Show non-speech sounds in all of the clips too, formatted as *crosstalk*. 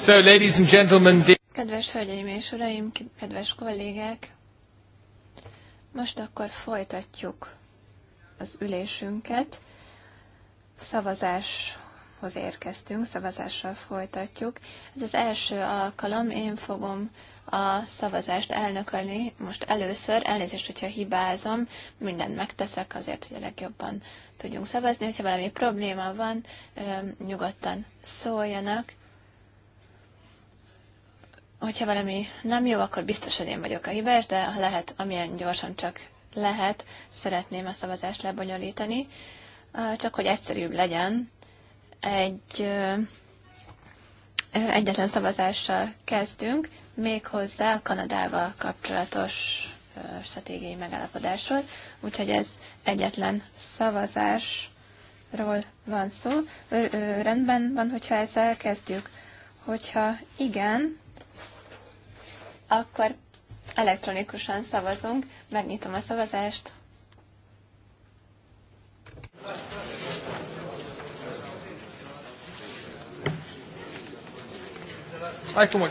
So, ladies and gentlemen, kedves hölgyeim és uraim, kedves kollégák, most akkor folytatjuk az ülésünket. Szavazáshoz érkeztünk, szavazással folytatjuk. Ez az első alkalom, én fogom a szavazást elnökölni most először. Elnézést, hogyha hibázom, mindent megteszek azért, hogy a legjobban tudjunk szavazni. Hogyha valami probléma van, nyugodtan szóljanak hogyha valami nem jó, akkor biztosan én vagyok a hibás, de ha lehet, amilyen gyorsan csak lehet, szeretném a szavazást lebonyolítani, csak hogy egyszerűbb legyen. Egy egyetlen szavazással kezdünk, méghozzá a Kanadával kapcsolatos stratégiai megállapodásról, úgyhogy ez egyetlen szavazásról van szó. Rendben van, hogyha ezzel kezdjük. Hogyha igen, akkor elektronikusan szavazunk. Megnyitom a szavazást. Hai cum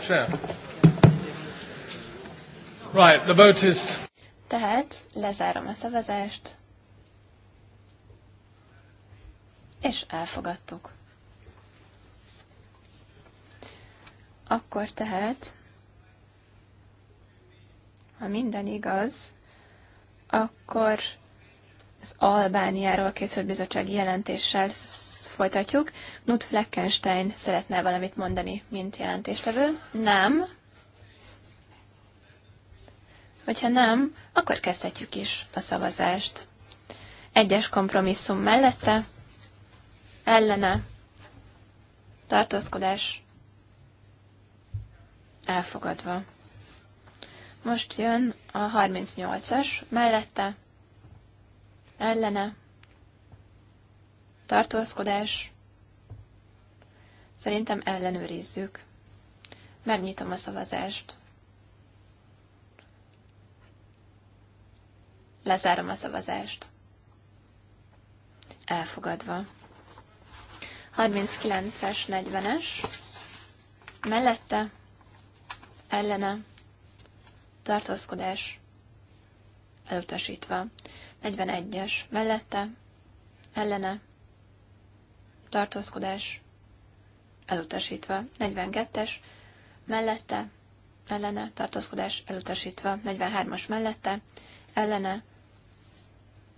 Right, the vote is... Tehát lezárom a szavazást, és elfogadtuk. Akkor tehát ha minden igaz, akkor az Albániáról készült bizottsági jelentéssel folytatjuk. Knut Fleckenstein szeretne valamit mondani, mint jelentéstevő? Nem. Hogyha nem, akkor kezdhetjük is a szavazást. Egyes kompromisszum mellette, ellene, tartózkodás, elfogadva. Most jön a 38-as, mellette, ellene, tartózkodás, szerintem ellenőrizzük. Megnyitom a szavazást. Lezárom a szavazást. Elfogadva. 39-es, 40-es. Mellette, ellene, tartózkodás elutasítva. 41-es mellette, ellene, tartózkodás elutasítva. 42-es mellette, ellene, tartózkodás elutasítva. 43-as mellette, ellene,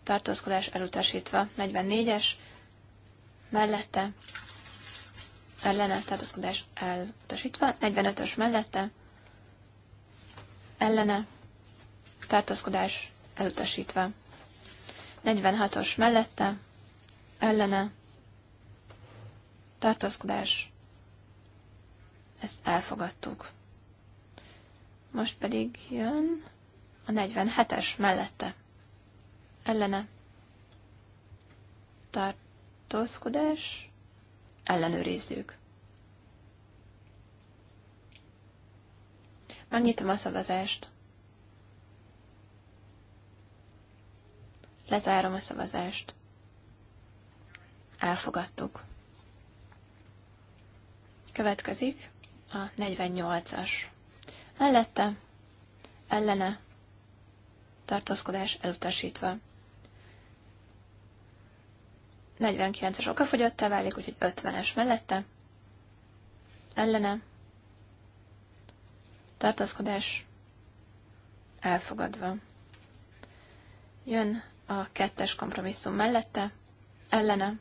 tartózkodás elutasítva. 44-es mellette, ellene, tartózkodás elutasítva. 45-ös mellette, ellene, tartózkodás elutasítva. 46-os mellette, ellene, tartózkodás, ezt elfogadtuk. Most pedig jön a 47-es mellette, ellene, tartózkodás, ellenőrizzük. Annyitom a szavazást. Lezárom a szavazást. Elfogadtuk. Következik a 48-as. Mellette, ellene, tartózkodás elutasítva. 49-es okafogyottá válik, úgyhogy 50-es mellette, ellene, tartózkodás elfogadva. Jön a kettes kompromisszum mellette, ellene,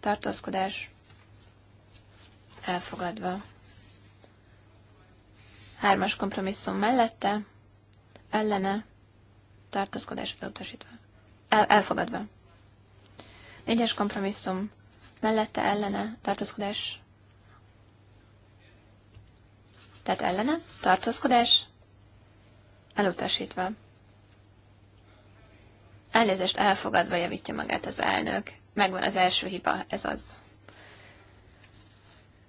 tartózkodás elfogadva. Hármas kompromisszum mellette, ellene, tartózkodás elutasítva. El, elfogadva. Négyes kompromisszum mellette, ellene, tartózkodás tehát ellene, tartózkodás, elutasítva. Elnézést elfogadva javítja magát az elnök. Megvan az első hiba, ez az.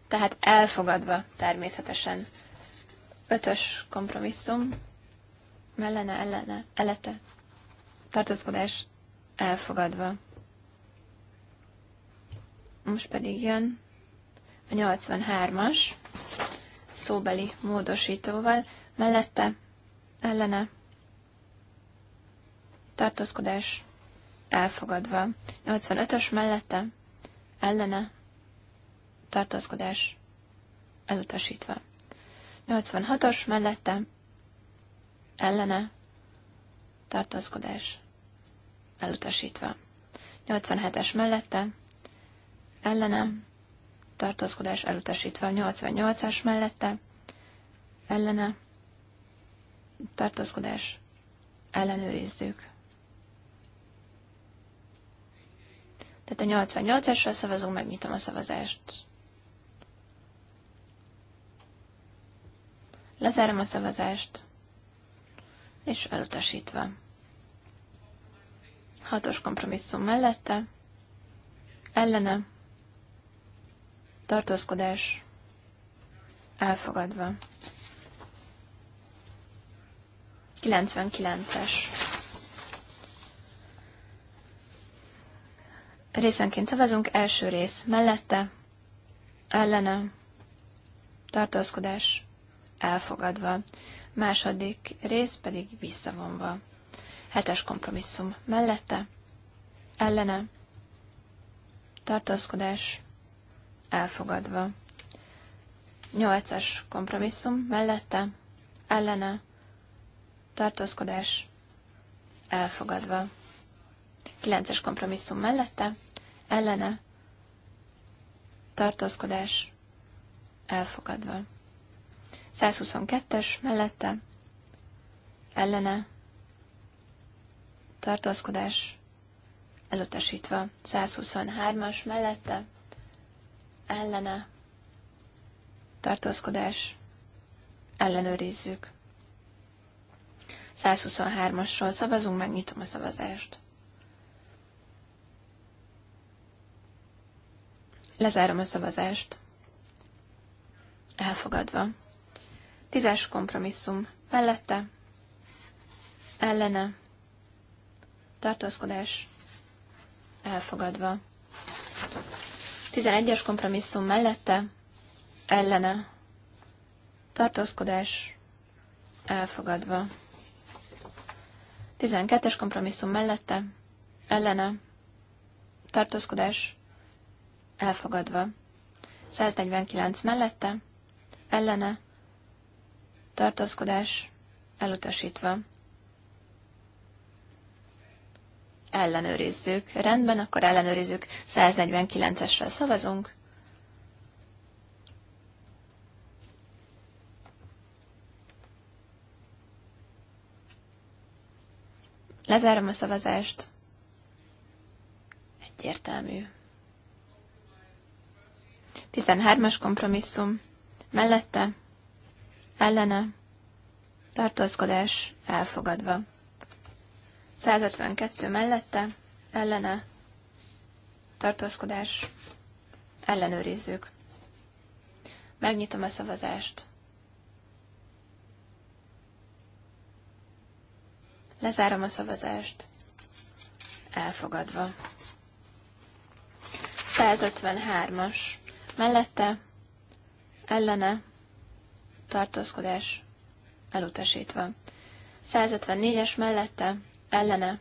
Tehát elfogadva természetesen. Ötös kompromisszum, mellene, ellene, elete, tartózkodás, elfogadva. Most pedig jön a 83-as szóbeli módosítóval, mellette, ellene, tartózkodás elfogadva. 85-ös mellette, ellene, tartózkodás elutasítva. 86-os mellette, ellene, tartózkodás elutasítva. 87-es mellette, ellene, tartózkodás elutasítva. 88-as mellette ellene tartózkodás ellenőrizzük. Tehát a 88-asra szavazunk, megnyitom a szavazást. Lezárom a szavazást, és elutasítva. Hatos kompromisszum mellette, ellene, tartózkodás elfogadva. 99-es. Részenként szavazunk, első rész mellette, ellene, tartózkodás elfogadva, második rész pedig visszavonva. Hetes kompromisszum mellette, ellene, tartózkodás elfogadva. Nyolcas kompromisszum mellette, ellene, tartózkodás, elfogadva. kilences kompromisszum mellette, ellene, tartózkodás, elfogadva. 122-es mellette, ellene, tartózkodás, elutasítva. 123-as mellette, ellene, tartózkodás, ellenőrizzük. 123-asról szavazunk, megnyitom a szavazást. Lezárom a szavazást. Elfogadva. Tízes kompromisszum. Mellette. Ellene. Tartózkodás. Elfogadva. 11-es kompromisszum mellette ellene tartózkodás elfogadva. 12-es kompromisszum mellette ellene tartózkodás elfogadva. 149 mellette ellene tartózkodás elutasítva. ellenőrizzük. Rendben, akkor ellenőrizzük. 149 esre szavazunk. Lezárom a szavazást. Egyértelmű. 13-as kompromisszum. Mellette, ellene, tartózkodás elfogadva. 152 mellette, ellene, tartózkodás, ellenőrizzük. Megnyitom a szavazást. Lezárom a szavazást. Elfogadva. 153-as. Mellette, ellene, tartózkodás, elutasítva. 154-es mellette, ellene,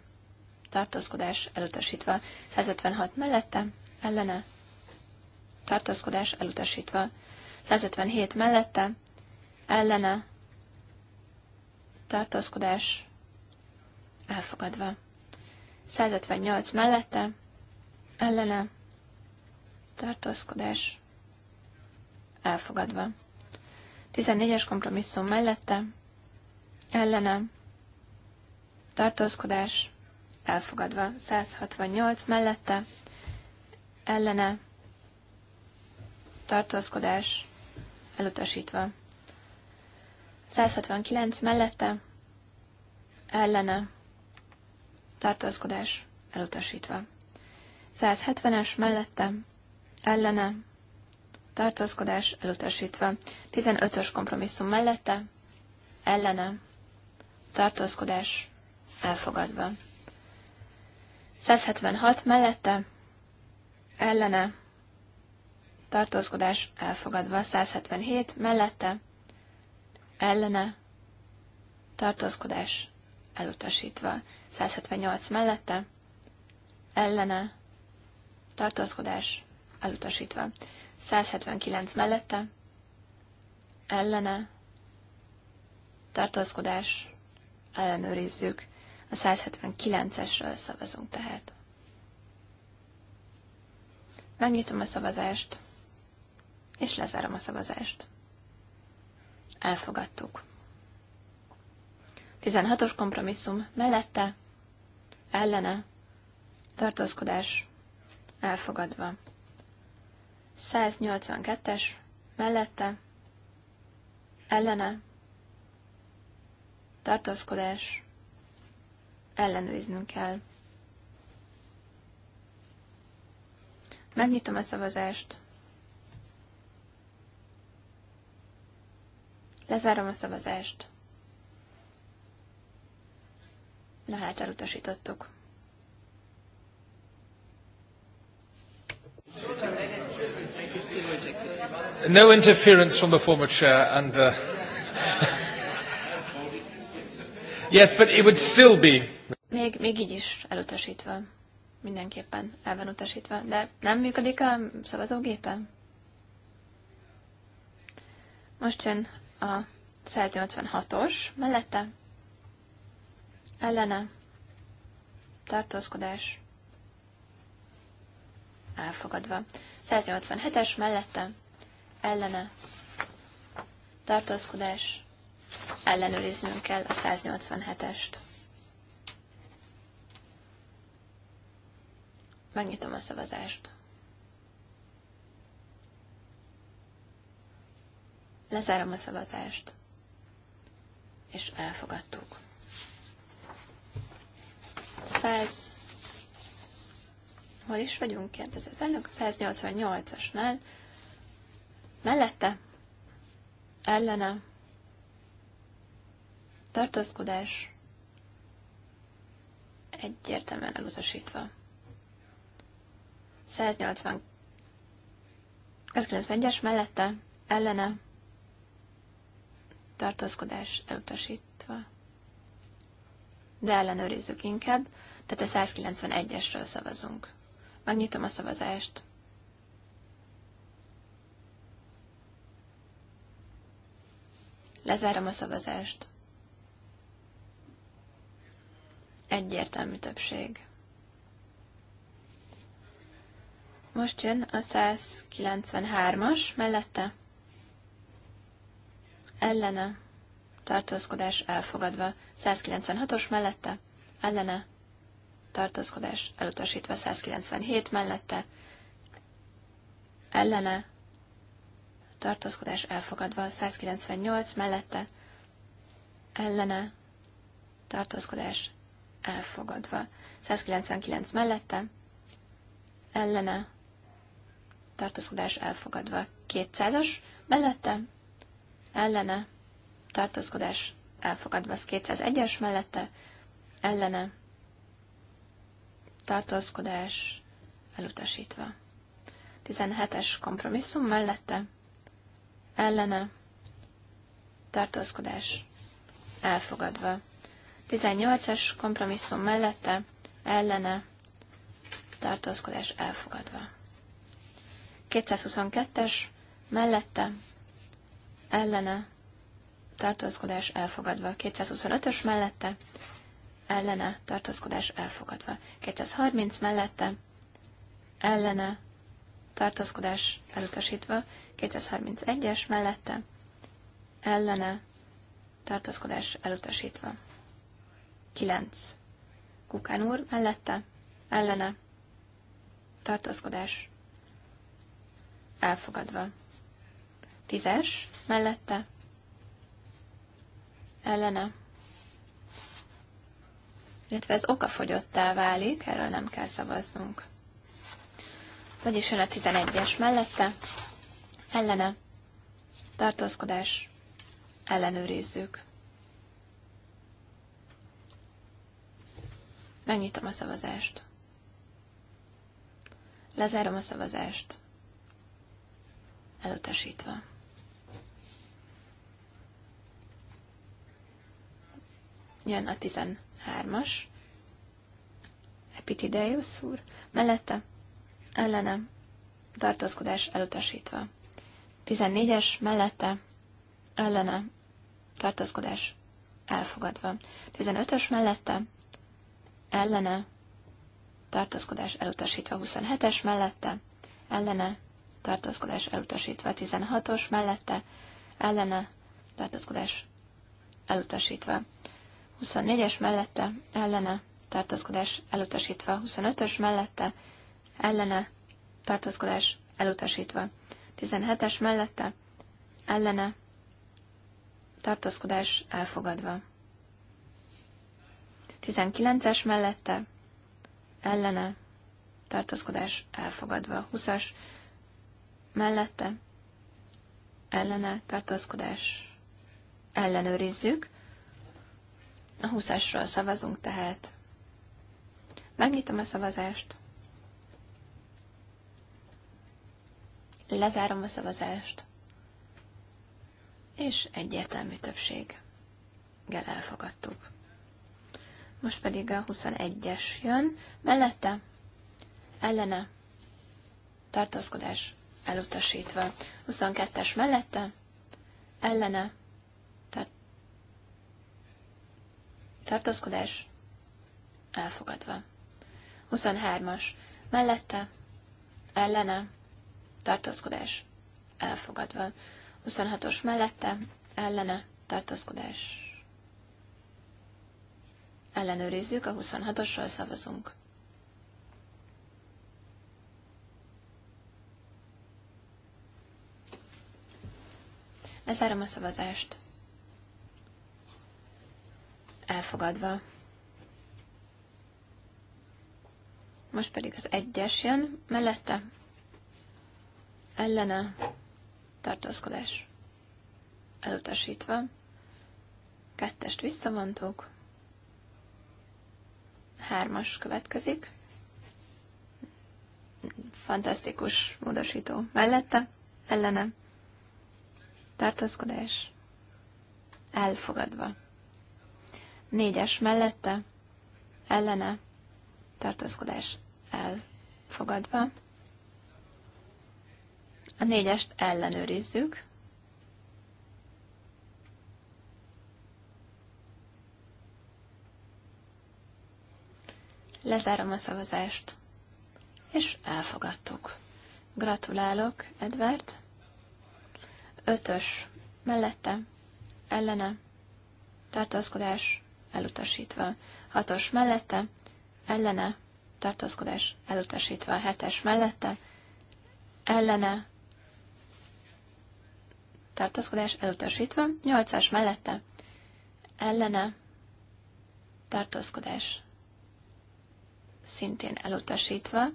tartózkodás elutasítva. 156 mellette, ellene, tartózkodás elutasítva. 157 mellette, ellene, tartózkodás elfogadva. 158 mellette, ellene, tartózkodás elfogadva. 14-es kompromisszum mellette, ellene, tartózkodás elfogadva. 168 mellette ellene tartózkodás elutasítva. 169 mellette ellene tartózkodás elutasítva. 170-es mellette ellene tartózkodás elutasítva. 15-ös kompromisszum mellette ellene tartózkodás elfogadva. 176 mellette, ellene, tartózkodás elfogadva. 177 mellette, ellene, tartózkodás elutasítva. 178 mellette, ellene, tartózkodás elutasítva. 179 mellette, ellene, tartózkodás, ellenőrizzük. A 179-esről szavazunk tehát. Megnyitom a szavazást, és lezárom a szavazást. Elfogadtuk. 16-os kompromisszum mellette, ellene, tartózkodás, elfogadva. 182-es, mellette, ellene, tartózkodás, ellenőriznünk kell. Megnyitom a szavazást. Lezárom a szavazást. Na hát elutasítottuk. No interference from the former chair and uh, *laughs* Yes, but it would still be. Még, még így is elutasítva. Mindenképpen el van utasítva. De nem működik a szavazógépen. Most jön a 186-os mellette. Ellene. Tartózkodás. Elfogadva. 187-es mellette. Ellene. Tartózkodás ellenőriznünk kell a 187-est. Megnyitom a szavazást. Lezárom a szavazást. És elfogadtuk. 100. Hol is vagyunk? Kérdezi az elnök. 188-asnál. Mellette. Ellene tartózkodás egyértelműen elutasítva. 180 191-es mellette, ellene, tartózkodás elutasítva. De ellenőrizzük inkább, tehát a 191-esről szavazunk. Megnyitom a szavazást. Lezárom a szavazást. egyértelmű többség. Most jön a 193-as, mellette ellene tartózkodás elfogadva, 196-os mellette ellene tartózkodás elutasítva, 197 mellette ellene tartózkodás elfogadva, 198 mellette ellene tartózkodás elfogadva. 199 mellette, ellene, tartózkodás elfogadva. 200-as mellette, ellene, tartózkodás elfogadva. Az 201-es mellette, ellene, tartózkodás elutasítva. 17-es kompromisszum mellette, ellene, tartózkodás elfogadva. 18-as kompromisszum mellette, ellene, tartózkodás elfogadva. 222-es mellette, ellene, tartózkodás elfogadva. 225-ös mellette, ellene, tartózkodás elfogadva. 230 mellette, ellene, tartózkodás elutasítva. 231-es mellette, ellene, tartózkodás elutasítva. 9. Kukán úr mellette, ellene, tartózkodás, elfogadva. 10 mellette, ellene, illetve ez okafogyottá válik, erről nem kell szavaznunk. Vagyis jön a 11-es mellette, ellene, tartózkodás, ellenőrizzük. Megnyitom a szavazást. Lezárom a szavazást. Elutasítva. Jön a 13-as. Epitideus úr. Mellette. Ellene. Tartózkodás elutasítva. 14-es. Mellette. Ellene. Tartózkodás elfogadva. 15-ös mellette ellene, tartózkodás elutasítva 27-es mellette, ellene, tartózkodás elutasítva 16-os mellette, ellene, tartózkodás elutasítva 24-es mellette, ellene, tartózkodás elutasítva 25-ös mellette, ellene, tartózkodás elutasítva 17-es mellette, ellene, tartózkodás elfogadva. 19-es mellette ellene tartózkodás elfogadva. 20-as mellette ellene tartózkodás ellenőrizzük. A 20-asról szavazunk tehát. Megnyitom a szavazást. Lezárom a szavazást. És egyértelmű többséggel elfogadtuk. Most pedig a 21-es jön. Mellette ellene tartózkodás elutasítva. 22-es mellette ellene tar- tartózkodás elfogadva. 23-as mellette ellene tartózkodás elfogadva. 26-os mellette ellene tartózkodás ellenőrizzük, a 26-osról szavazunk. Lezárom a szavazást. Elfogadva. Most pedig az egyes jön, mellette ellene tartózkodás elutasítva. Kettest visszavontuk. Hármas következik. Fantasztikus módosító. Mellette, ellene, tartózkodás, elfogadva. Négyes mellette, ellene, tartózkodás, elfogadva. A négyest ellenőrizzük. Lezárom a szavazást. És elfogadtuk. Gratulálok, Edward Ötös. Mellette. Ellene. Tartózkodás. Elutasítva. Hatos mellette. Ellene. Tartózkodás. Elutasítva. Hetes mellette. Ellene. Tartózkodás. Elutasítva. Nyolcas mellette. Ellene. Tartózkodás szintén elutasítva.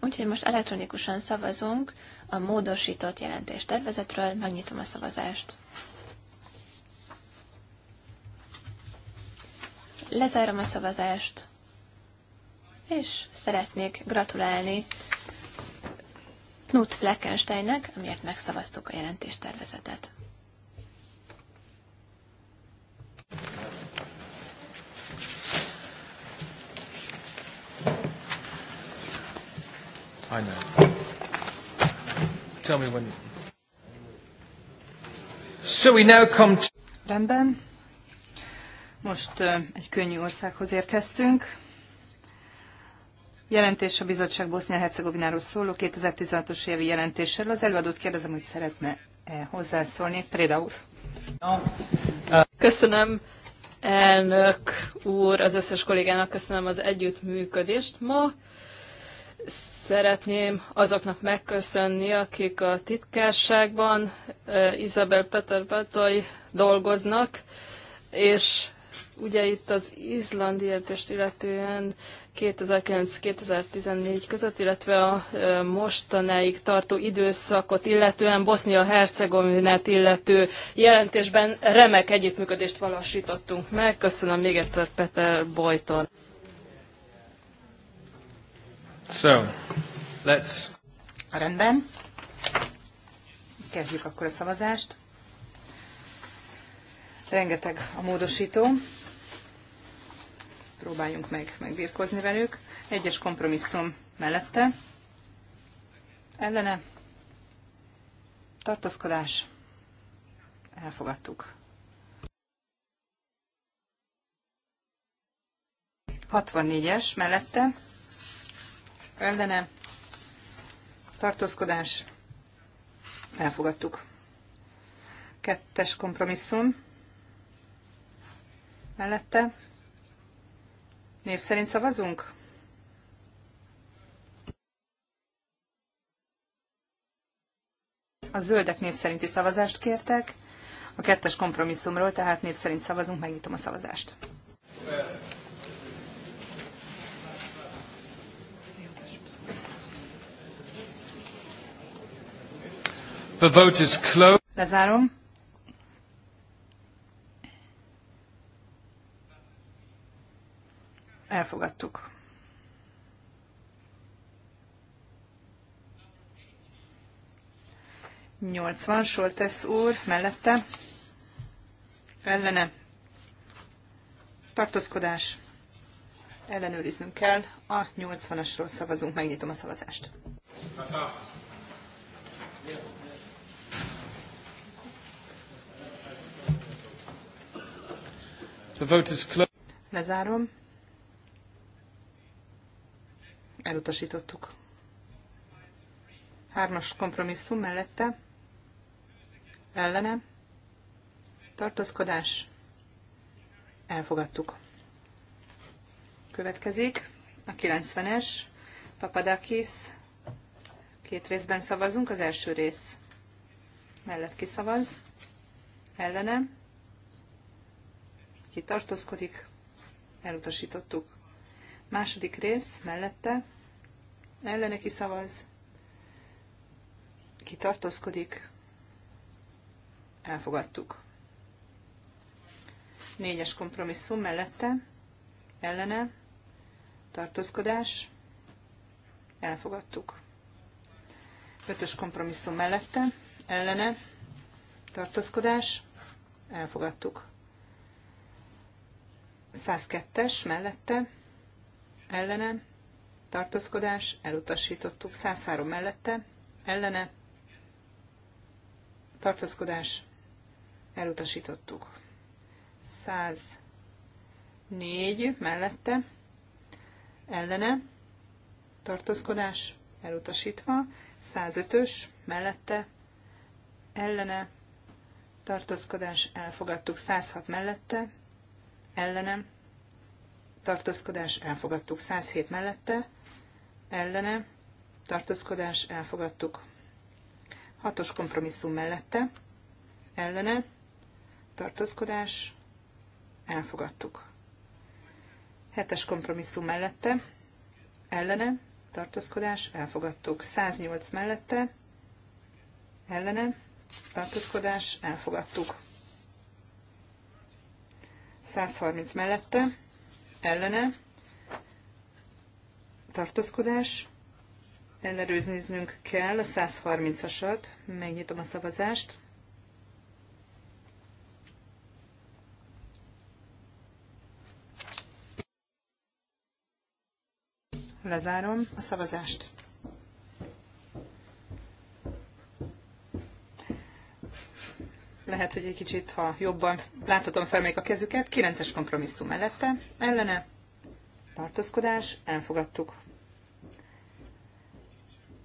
Úgyhogy most elektronikusan szavazunk a módosított jelentés tervezetről, megnyitom a szavazást. Lezárom a szavazást, és szeretnék gratulálni Knut Fleckensteinnek, amiért megszavaztuk a jelentéstervezetet. I know. Tell me when. So we now come to... Rendben. Most egy könnyű országhoz érkeztünk. Jelentés a bizottság Bosznia-Hercegovináról szóló 2016-os évi jelentéssel. Az előadót kérdezem, hogy szeretne -e hozzászólni. Préda úr. Köszönöm, elnök úr, az összes kollégának köszönöm az együttműködést. Ma szeretném azoknak megköszönni, akik a titkárságban eh, Izabel Peter Batoly dolgoznak, és ugye itt az izlandi értést illetően 2009-2014 között, illetve a eh, mostanáig tartó időszakot, illetően Bosznia-Hercegovinát illető jelentésben remek együttműködést valósítottunk meg. Köszönöm még egyszer Peter Bojton. So, let's... Rendben. Kezdjük akkor a szavazást. Rengeteg a módosító. Próbáljunk meg megbírkozni velük. Egyes kompromisszum mellette. Ellene. Tartózkodás. Elfogadtuk. 64-es mellette ellene tartózkodás elfogadtuk. Kettes kompromisszum mellette név szerint szavazunk? A zöldek név szerinti szavazást kértek. A kettes kompromisszumról, tehát név szerint szavazunk, megnyitom a szavazást. The vote is closed. Lezárom. Elfogadtuk. van, Soltesz úr, mellette. Ellene. Tartózkodás. Ellenőriznünk kell. A 80-asról szavazunk. Megnyitom a szavazást. The vote is closed. Lezárom. Elutasítottuk. Hármas kompromisszum mellette. Ellene. Tartózkodás. Elfogadtuk. Következik a 90-es. Papadakis. Két részben szavazunk. Az első rész mellett kiszavaz. Ellene aki tartózkodik, elutasítottuk. Második rész mellette ellene kiszavaz, ki tartózkodik, elfogadtuk. Négyes kompromisszum mellette ellene tartózkodás, elfogadtuk. Ötös kompromisszum mellette ellene tartózkodás, elfogadtuk. 102-es mellette, ellene, tartózkodás, elutasítottuk. 103 mellette, ellene, tartózkodás, elutasítottuk. 104 mellette, ellene, tartózkodás, elutasítva. 105-ös mellette, ellene, tartózkodás, elfogadtuk. 106 mellette, ellenem, tartózkodás elfogadtuk. 107 mellette, ellene, tartózkodás elfogadtuk. Hatos kompromisszum mellette, ellene, tartózkodás elfogadtuk. Hetes kompromisszum mellette, ellene, tartózkodás elfogadtuk. 108 mellette, ellene, tartózkodás elfogadtuk. 130 mellette, ellene, tartózkodás, ellenőriznünk kell a 130-asat, megnyitom a szavazást. Lezárom a szavazást. lehet, hogy egy kicsit, ha jobban láthatom fel még a kezüket, 9-es kompromisszum mellette, ellene, tartózkodás, elfogadtuk.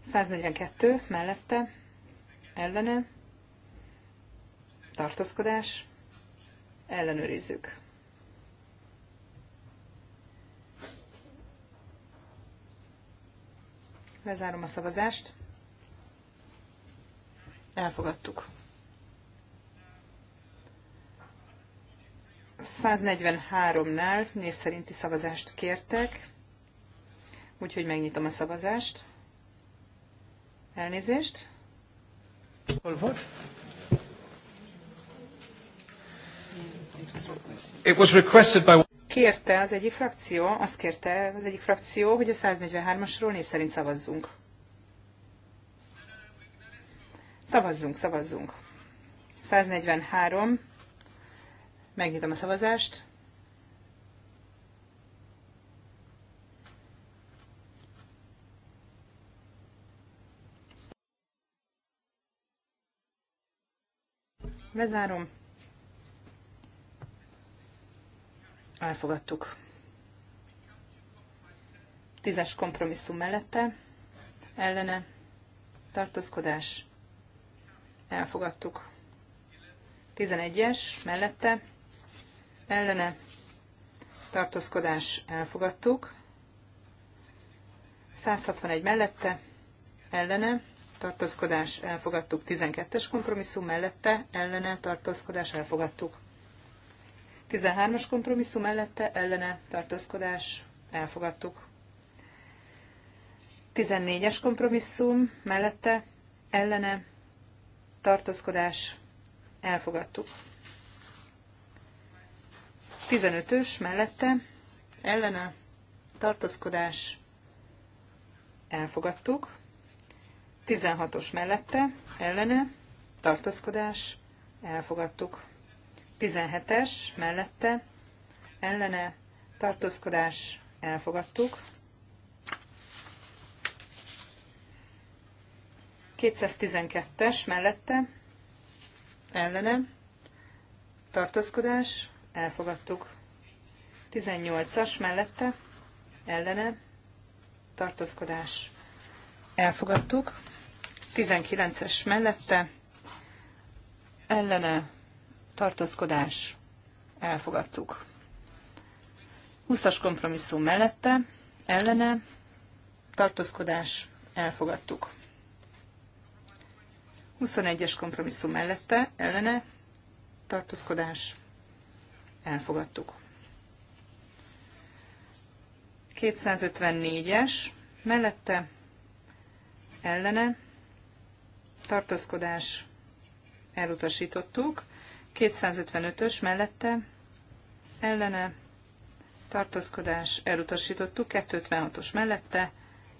142 mellette, ellene, tartózkodás, ellenőrizzük. Lezárom a szavazást. Elfogadtuk. 143-nál név szerinti szavazást kértek, úgyhogy megnyitom a szavazást. Elnézést. Hol volt? It was requested by... Kérte az egyik frakció, azt kérte az egyik frakció, hogy a 143-asról név szerint szavazzunk. Szavazzunk, szavazzunk. 143, Megnyitom a szavazást. Lezárom. Elfogadtuk. Tízes kompromisszum mellette. Ellene. Tartózkodás. Elfogadtuk. Tizenegyes mellette ellene tartózkodás elfogadtuk, 161 mellette ellene tartózkodás elfogadtuk, 12-es kompromisszum mellette ellene tartózkodás elfogadtuk. 13-as kompromisszum mellette ellene tartózkodás elfogadtuk. 14-es kompromisszum mellette ellene tartózkodás elfogadtuk. 15-ös mellette ellene tartózkodás elfogadtuk. 16-os mellette ellene tartózkodás elfogadtuk. 17-es mellette ellene tartózkodás elfogadtuk. 212-es mellette ellene tartózkodás elfogadtuk. 18-as mellette, ellene, tartózkodás, elfogadtuk. 19-es mellette, ellene, tartózkodás, elfogadtuk. 20-as kompromisszum mellette, ellene, tartózkodás, elfogadtuk. 21-es kompromisszum mellette, ellene, tartózkodás, elfogadtuk. 254-es, mellette ellene tartózkodás elutasítottuk, 255-ös mellette ellene tartózkodás elutasítottuk, 256-os mellette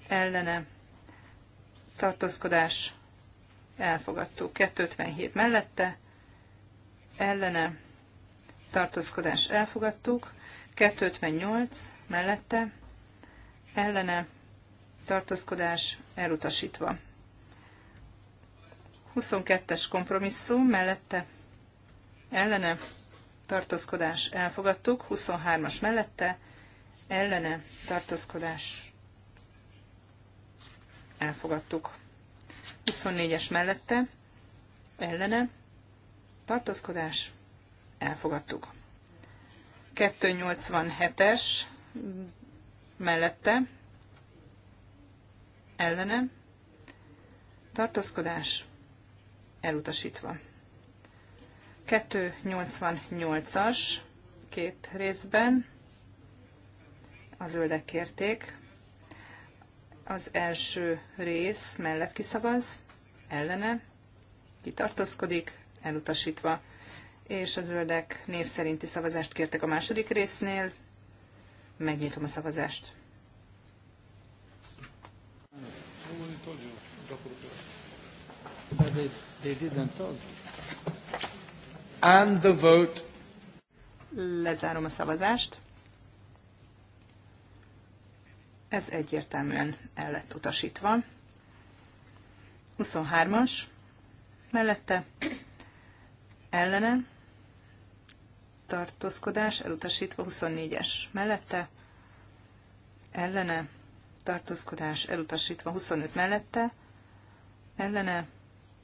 ellene tartózkodás elfogadtuk, 257 mellette ellene tartózkodás elfogadtuk, 258 mellette ellene tartózkodás elutasítva. 22-es kompromisszum mellette ellene tartózkodás elfogadtuk, 23-as mellette ellene tartózkodás elfogadtuk. 24-es mellette ellene tartózkodás elfogadtuk. 287-es mellette ellene tartózkodás elutasítva. 288-as két részben a zöldek kérték. Az első rész mellett kiszavaz, ellene, kitartózkodik, elutasítva és a zöldek név szerinti szavazást kértek a második résznél. Megnyitom a szavazást. And the vote. Lezárom a szavazást. Ez egyértelműen el lett utasítva. 23-as mellette ellene tartózkodás elutasítva 24-es mellette, ellene tartózkodás elutasítva 25 mellette, ellene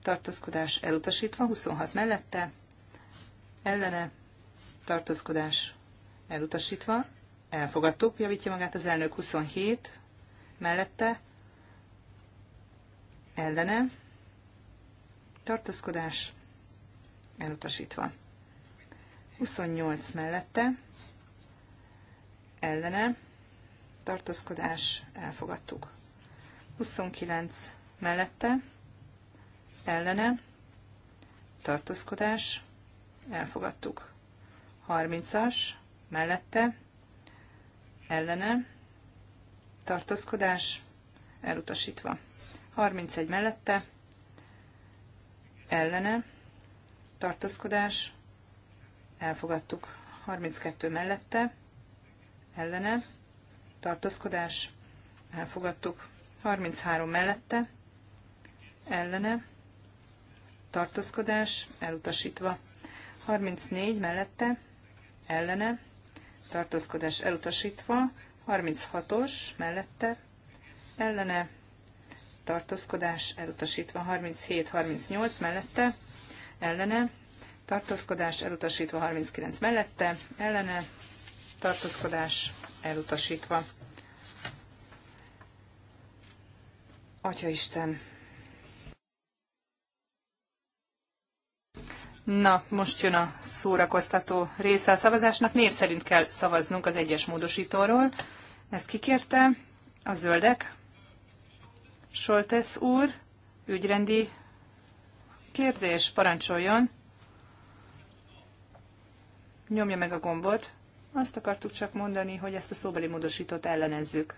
tartózkodás elutasítva 26 mellette, ellene tartózkodás elutasítva, elfogadtuk, javítja magát az elnök 27 mellette, ellene tartózkodás elutasítva. 28 mellette, ellene, tartózkodás, elfogadtuk. 29 mellette, ellene, tartózkodás, elfogadtuk. 30-as, mellette, ellene, tartózkodás, elutasítva. 31 mellette, ellene, tartózkodás, elfogadtuk. 32 mellette, ellene, tartózkodás, elfogadtuk. 33 mellette, ellene, tartózkodás, elutasítva. 34 mellette, ellene, tartózkodás elutasítva, 36-os mellette, ellene, tartózkodás elutasítva, 37-38 mellette, ellene, tartózkodás elutasítva 39 mellette, ellene tartózkodás elutasítva. Atya Isten! Na, most jön a szórakoztató része a szavazásnak. Név szerint kell szavaznunk az egyes módosítóról. Ezt kikérte a zöldek. Soltesz úr, ügyrendi kérdés, parancsoljon. Nyomja meg a gombot. Azt akartuk csak mondani, hogy ezt a szóbeli módosítót ellenezzük.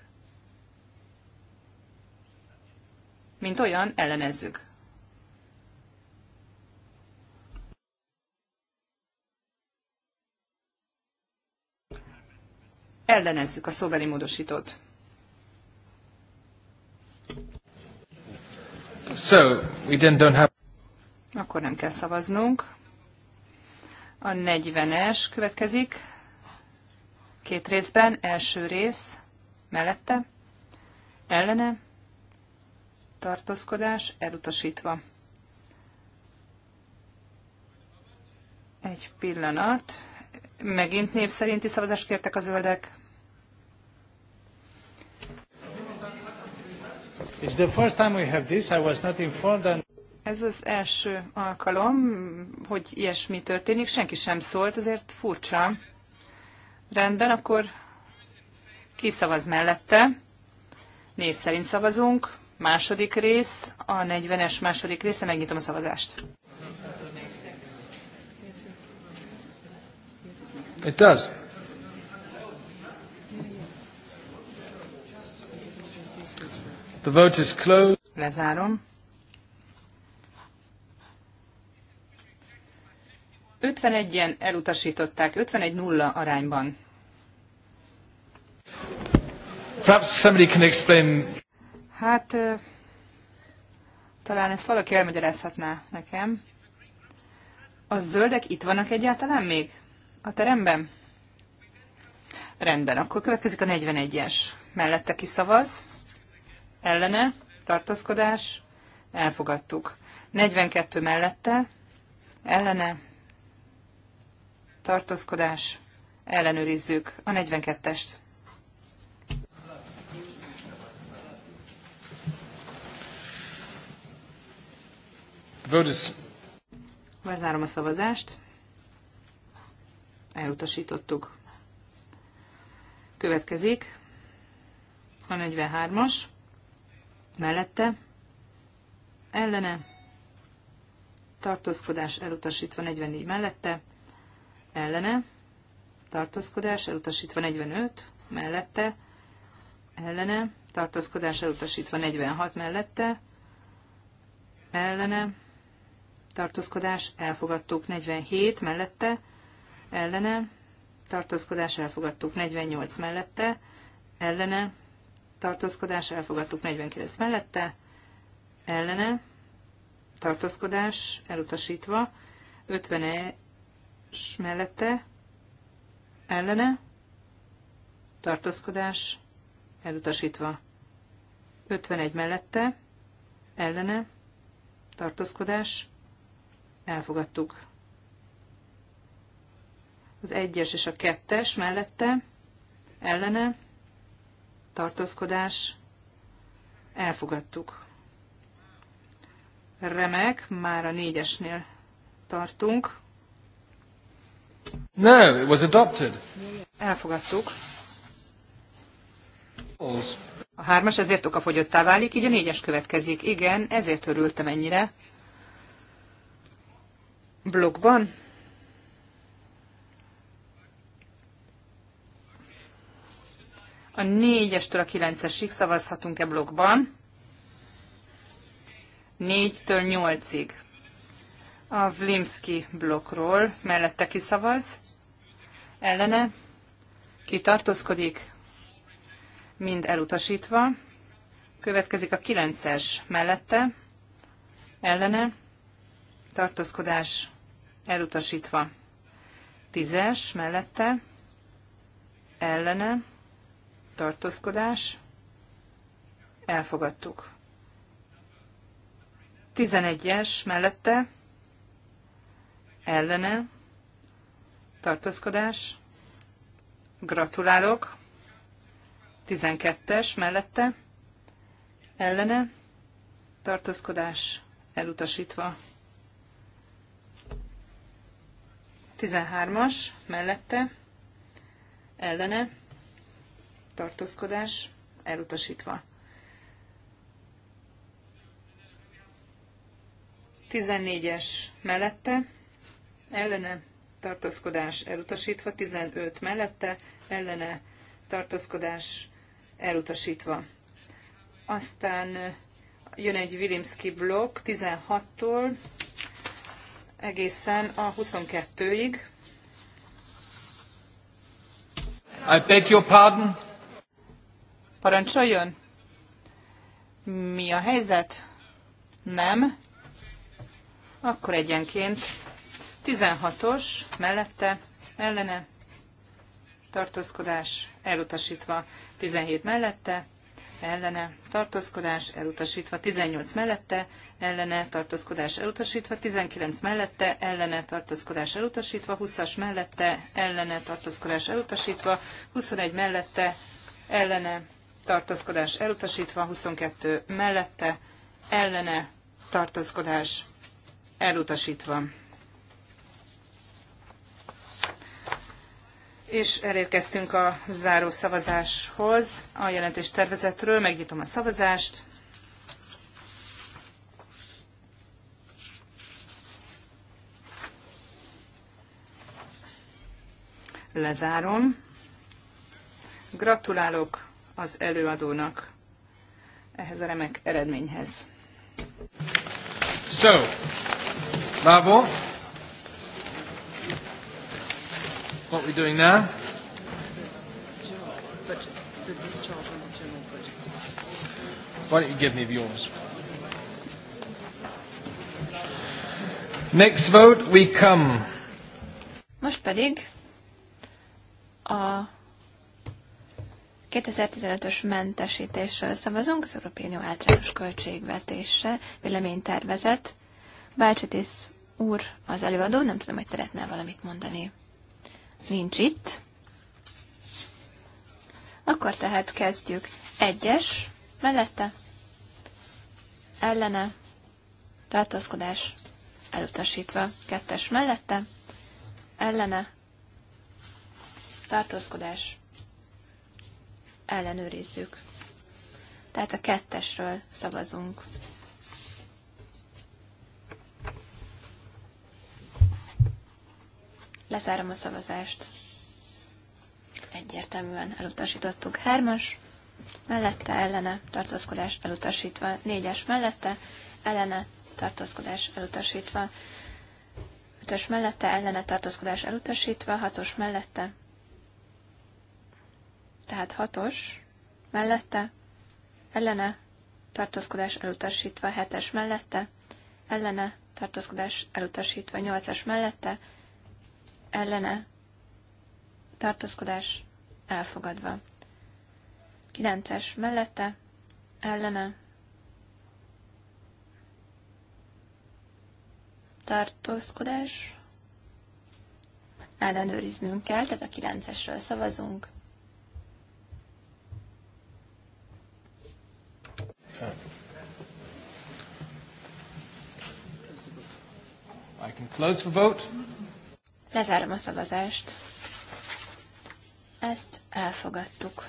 Mint olyan, ellenezzük. Ellenezzük a szóbeli módosítót. So, we then don't have... Akkor nem kell szavaznunk. A 40-es következik. Két részben, első rész mellette, ellene, tartózkodás elutasítva. Egy pillanat. Megint név szerinti szavazást kértek a zöldek. It's the first time we have this. I was not informed and ez az első alkalom, hogy ilyesmi történik, senki sem szólt, ezért furcsa. Rendben, akkor ki szavaz mellette? Név szerint szavazunk. Második rész, a 40-es második része, megnyitom a szavazást. It does. The vote is closed. Lezárom. 51-en elutasították, 51-0 arányban. can explain. Hát talán ezt valaki elmagyarázhatná nekem. A zöldek itt vannak egyáltalán még? A teremben? Rendben, akkor következik a 41-es. Mellette kiszavaz, ellene, tartózkodás, elfogadtuk. 42 mellette, ellene, tartózkodás, ellenőrizzük a 42-est. Vörös. Lezárom a szavazást. Elutasítottuk. Következik a 43-as. Mellette. Ellene. Tartózkodás elutasítva 44 mellette ellene, tartózkodás elutasítva 45, mellette, ellene, tartózkodás elutasítva 46 mellette, ellene, tartózkodás elfogadtuk 47 mellette, ellene, tartózkodás elfogadtuk 48 mellette, ellene, tartózkodás elfogadtuk 49 mellette, ellene, tartózkodás elutasítva 50, s mellette ellene tartózkodás elutasítva. 51 mellette ellene tartózkodás elfogadtuk. Az egyes és a kettes mellette ellene tartózkodás elfogadtuk. Remek, már a négyesnél tartunk. No, it was adopted. Elfogadtuk. A hármas ezért okafogyottá válik, így a négyes következik. Igen, ezért örültem ennyire. Blogban? A négyestől a kilencesig szavazhatunk-e blokkban? Négytől nyolcig a Vlimski blokkról. Mellette kiszavaz, ellene, ki mind elutasítva. Következik a 9-es mellette, ellene, tartózkodás elutasítva. 10-es mellette, ellene, tartózkodás, elfogadtuk. 11-es mellette, ellene, tartózkodás, gratulálok, 12-es mellette, ellene, tartózkodás, elutasítva, 13-as mellette, ellene, tartózkodás, elutasítva. 14-es mellette, ellene tartózkodás elutasítva, 15 mellette ellene tartózkodás elutasítva. Aztán uh, jön egy Wilimski blokk 16-tól egészen a 22-ig. I beg your pardon. Parancsoljon! Mi a helyzet? Nem? Akkor egyenként 16-os mellette ellene tartózkodás elutasítva, 17 mellette ellene tartózkodás elutasítva, 18 mellette ellene tartózkodás elutasítva, 19 mellette ellene tartózkodás elutasítva, 20-as mellette ellene tartózkodás elutasítva, 21 mellette ellene tartózkodás elutasítva, 22 mellette ellene tartózkodás elutasítva. És elérkeztünk a záró szavazáshoz a jelentés tervezetről. Megnyitom a szavazást. Lezárom. Gratulálok az előadónak ehhez a remek eredményhez. So, bravo. what we're doing now. Why don't you give me yours? Next vote, we come. Most pedig a 2015-ös mentesítésről szavazunk, az Európai Unió általános költségvetése, véleménytervezet. Bácsitis úr az előadó, nem tudom, hogy szeretne valamit mondani nincs itt. Akkor tehát kezdjük. Egyes, mellette, ellene, tartózkodás, elutasítva. Kettes mellette, ellene, tartózkodás, ellenőrizzük. Tehát a kettesről szavazunk. Lezárom a szavazást. Egyértelműen elutasítottuk. Hármas, mellette, ellene, tartózkodás elutasítva. Négyes mellette, ellene, tartózkodás elutasítva. Ötös mellette, ellene, tartózkodás elutasítva. Hatos mellette, tehát hatos, mellette, ellene, tartózkodás elutasítva. Hetes mellette, ellene, tartózkodás elutasítva. Nyolcas mellette, ellene tartózkodás elfogadva. 9-es mellette ellene tartózkodás ellenőriznünk kell, tehát a 9-esről szavazunk. I can close the vote. Lezárom a szavazást. Ezt elfogadtuk.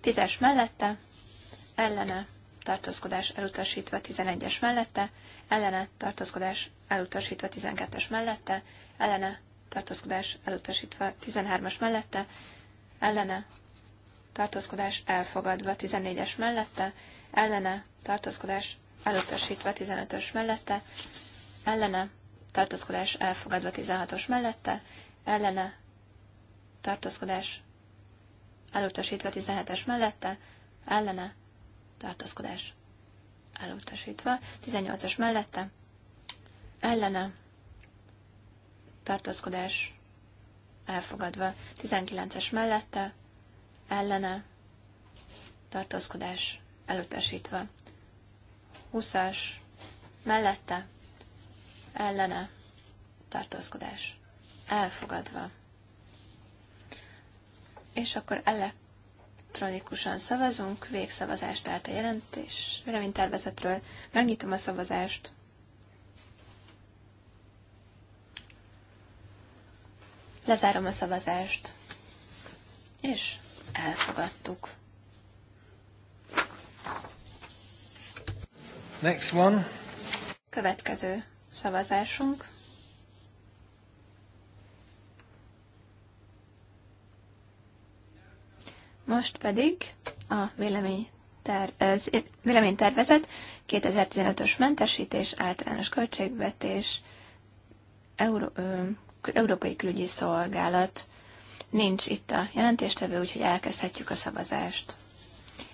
Tízes mellette, ellene, tartózkodás elutasítva 11-es mellette, ellene, tartózkodás elutasítva 12-es mellette, ellene, tartózkodás elutasítva 13-as mellette, ellene, tartózkodás elfogadva 14-es mellette, ellene, tartózkodás elutasítva 15-ös mellette, ellene, tartózkodás elfogadva 16-os mellette, ellene tartózkodás elutasítva 17-es mellette, ellene tartózkodás elutasítva 18-as mellette, ellene tartózkodás elfogadva 19-es mellette, ellene tartózkodás elutasítva 20-as mellette, ellene, tartózkodás elfogadva. És akkor elektronikusan szavazunk, végszavazást állt a jelentés, véleménytervezetről, megnyitom a szavazást. Lezárom a szavazást, és elfogadtuk. Next one. Következő szavazásunk. Most pedig a véleménytervezet 2015-ös mentesítés, általános költségvetés, Euró, ö, Európai Külügyi Szolgálat. Nincs itt a jelentéstevő, úgyhogy elkezdhetjük a szavazást.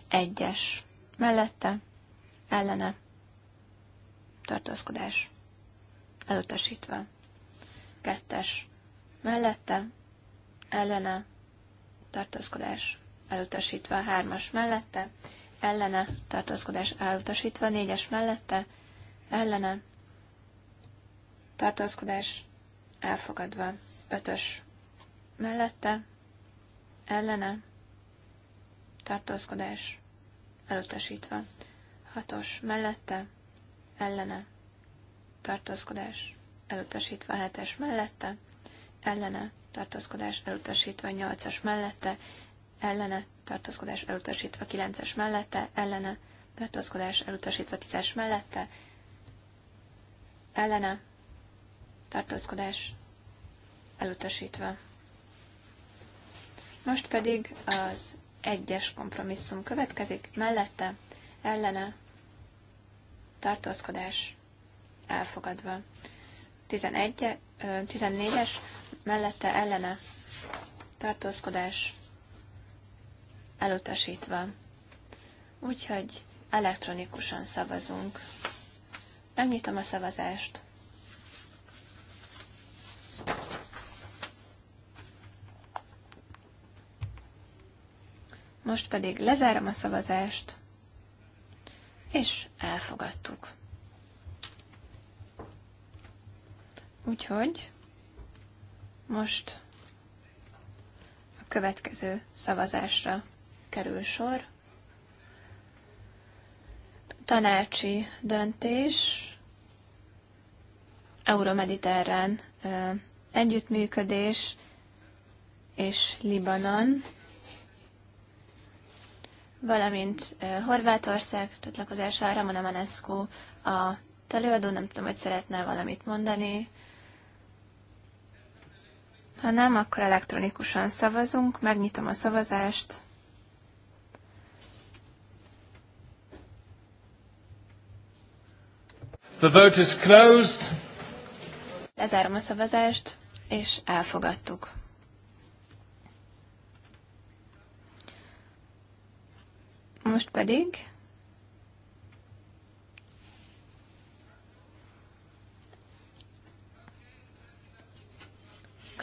Egyes. Mellette. Ellene. Tartózkodás elutasítva. Kettes. Mellette, ellene, tartózkodás elutasítva. Hármas mellette, ellene, tartózkodás elutasítva. Négyes mellette, ellene, tartózkodás elfogadva. Ötös mellette, ellene, tartózkodás elutasítva. Hatos mellette, ellene, tartózkodás elutasítva 7-es mellette, ellene tartózkodás elutasítva 8-as mellette, ellene tartózkodás elutasítva 9-es mellette, ellene tartózkodás elutasítva 10-es mellette, ellene tartózkodás elutasítva. Most pedig az egyes kompromisszum következik, mellette, ellene, tartózkodás, elfogadva. 11, 14-es mellette ellene tartózkodás elutasítva. Úgyhogy elektronikusan szavazunk. Megnyitom a szavazást. Most pedig lezárom a szavazást, és elfogadtuk. Úgyhogy most a következő szavazásra kerül sor. Tanácsi döntés, euromediterrán együttműködés és Libanon, valamint Horvátország csatlakozására, Ramona Manescu a telőadó, nem tudom, hogy szeretne valamit mondani. Ha nem, akkor elektronikusan szavazunk, megnyitom a szavazást. The vote is closed. Lezárom a szavazást, és elfogadtuk. Most pedig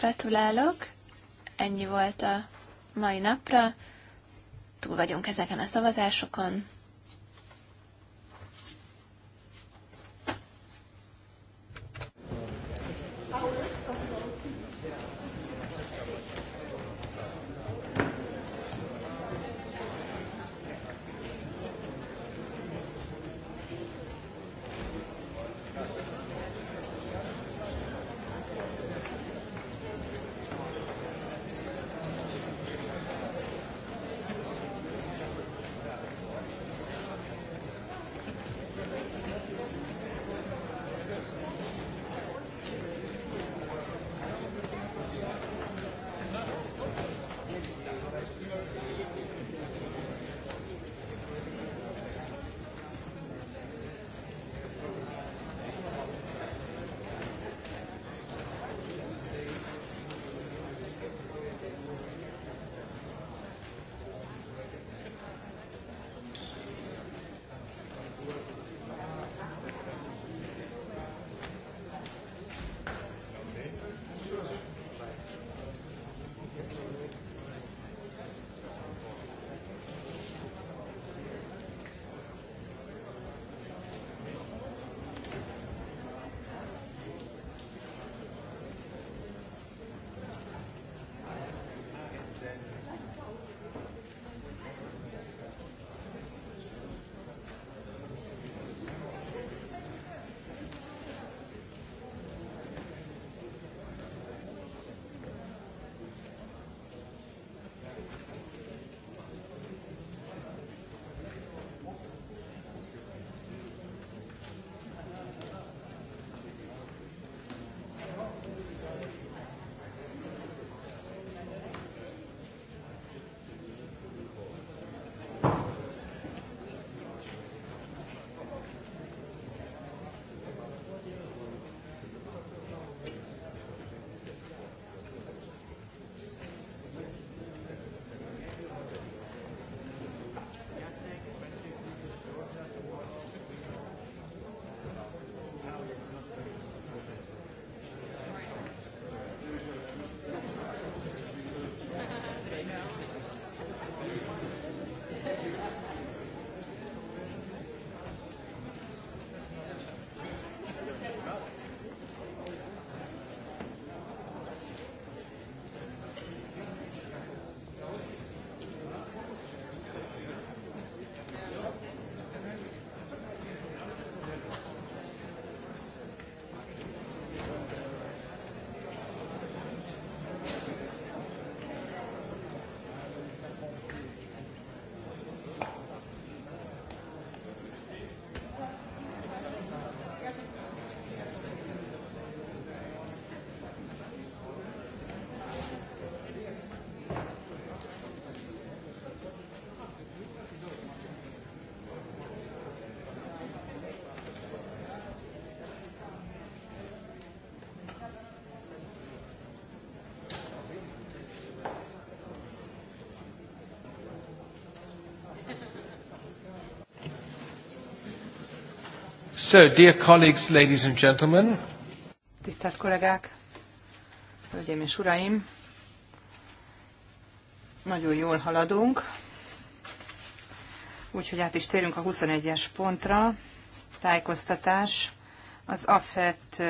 Gratulálok, ennyi volt a mai napra, túl vagyunk ezeken a szavazásokon. So, dear colleagues, ladies and gentlemen. Tisztelt kollégák, hölgyeim és uraim, nagyon jól haladunk, úgyhogy át is térünk a 21-es pontra, tájékoztatás, az AFET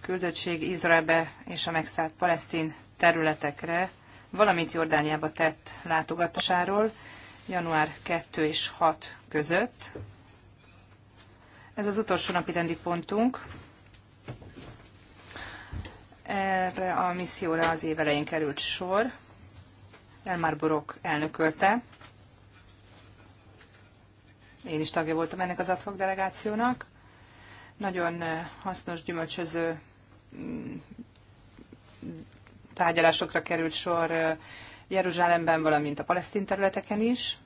küldöttség Izraelbe és a megszállt palesztin területekre, valamint Jordániába tett látogatásáról január 2 és 6 között. Ez az utolsó napi rendi pontunk. Erre a misszióra az év elején került sor. Elmár Borok elnökölte. Én is tagja voltam ennek az adhok delegációnak. Nagyon eh, hasznos, gyümölcsöző mm, tárgyalásokra került sor eh, Jeruzsálemben, valamint a palesztin területeken is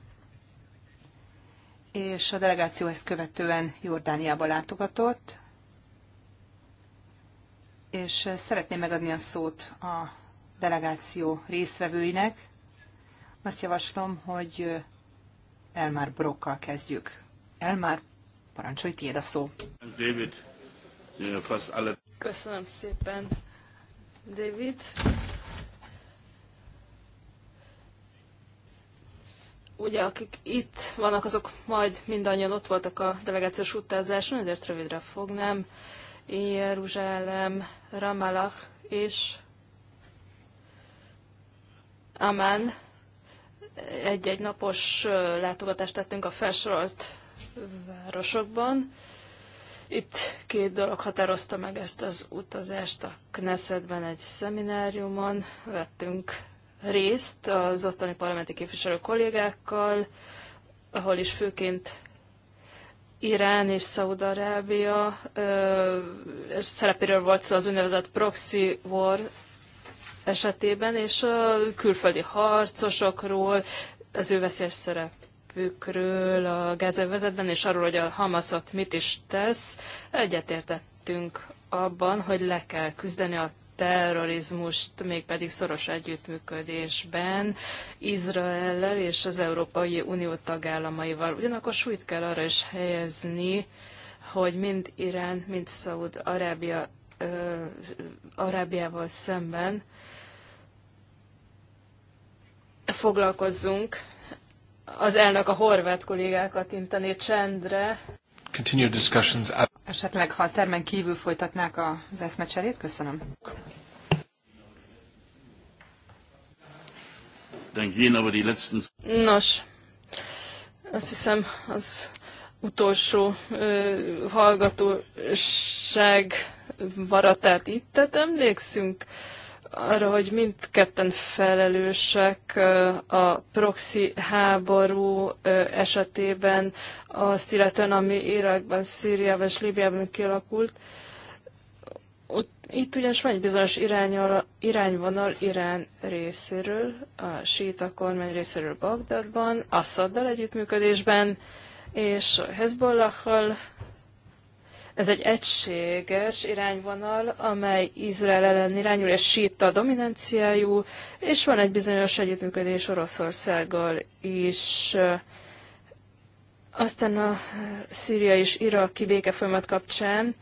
és a delegáció ezt követően Jordániába látogatott, és eh, szeretném megadni a szót a delegáció résztvevőinek. Azt javaslom, hogy eh, Elmar Brokkal kezdjük. Elmar, parancsolj, tiéd a szó. David, eh, Köszönöm szépen, David. ugye akik itt vannak, azok majd mindannyian ott voltak a delegációs utazáson, ezért rövidre fognám. Jeruzsálem, Ramallah és Amán egy-egy napos látogatást tettünk a felsorolt városokban. Itt két dolog határozta meg ezt az utazást. A Knessetben egy szemináriumon vettünk részt az ottani parlamenti képviselő kollégákkal, ahol is főként Irán és Szaúd-Arábia szerepéről volt szó az úgynevezett proxy war esetében, és a külföldi harcosokról, az ő veszélyes szerepükről a gázövezetben, és arról, hogy a Hamaszot mit is tesz, egyetértettünk abban, hogy le kell küzdeni a terrorizmust, mégpedig szoros együttműködésben Izraellel és az Európai Unió tagállamaival. Ugyanakkor súlyt kell arra is helyezni, hogy mind Irán, mind Szaúd Arábia, uh, Arábiával szemben foglalkozzunk. Az elnök a horvát kollégákat inteni csendre continue discussions. Esetleg, ha a termen kívül folytatnák az eszmecserét, köszönöm. Nos, azt hiszem az utolsó ö, hallgatóság tehát itt, tehát emlékszünk arra, hogy mindketten felelősek a proxy háború esetében azt illetően, ami Irakban, Szíriában és Líbiában kialakult. Itt ugyanis van egy bizonyos irányvonal, irányvonal Irán részéről, a síta kormány részéről Bagdadban, Assaddal együttműködésben, és Hezbollahal, ez egy egységes irányvonal, amely Izrael ellen irányul, és síta dominanciájú, és van egy bizonyos együttműködés Oroszországgal is. Aztán a szíria és iraki békefolyamat kapcsán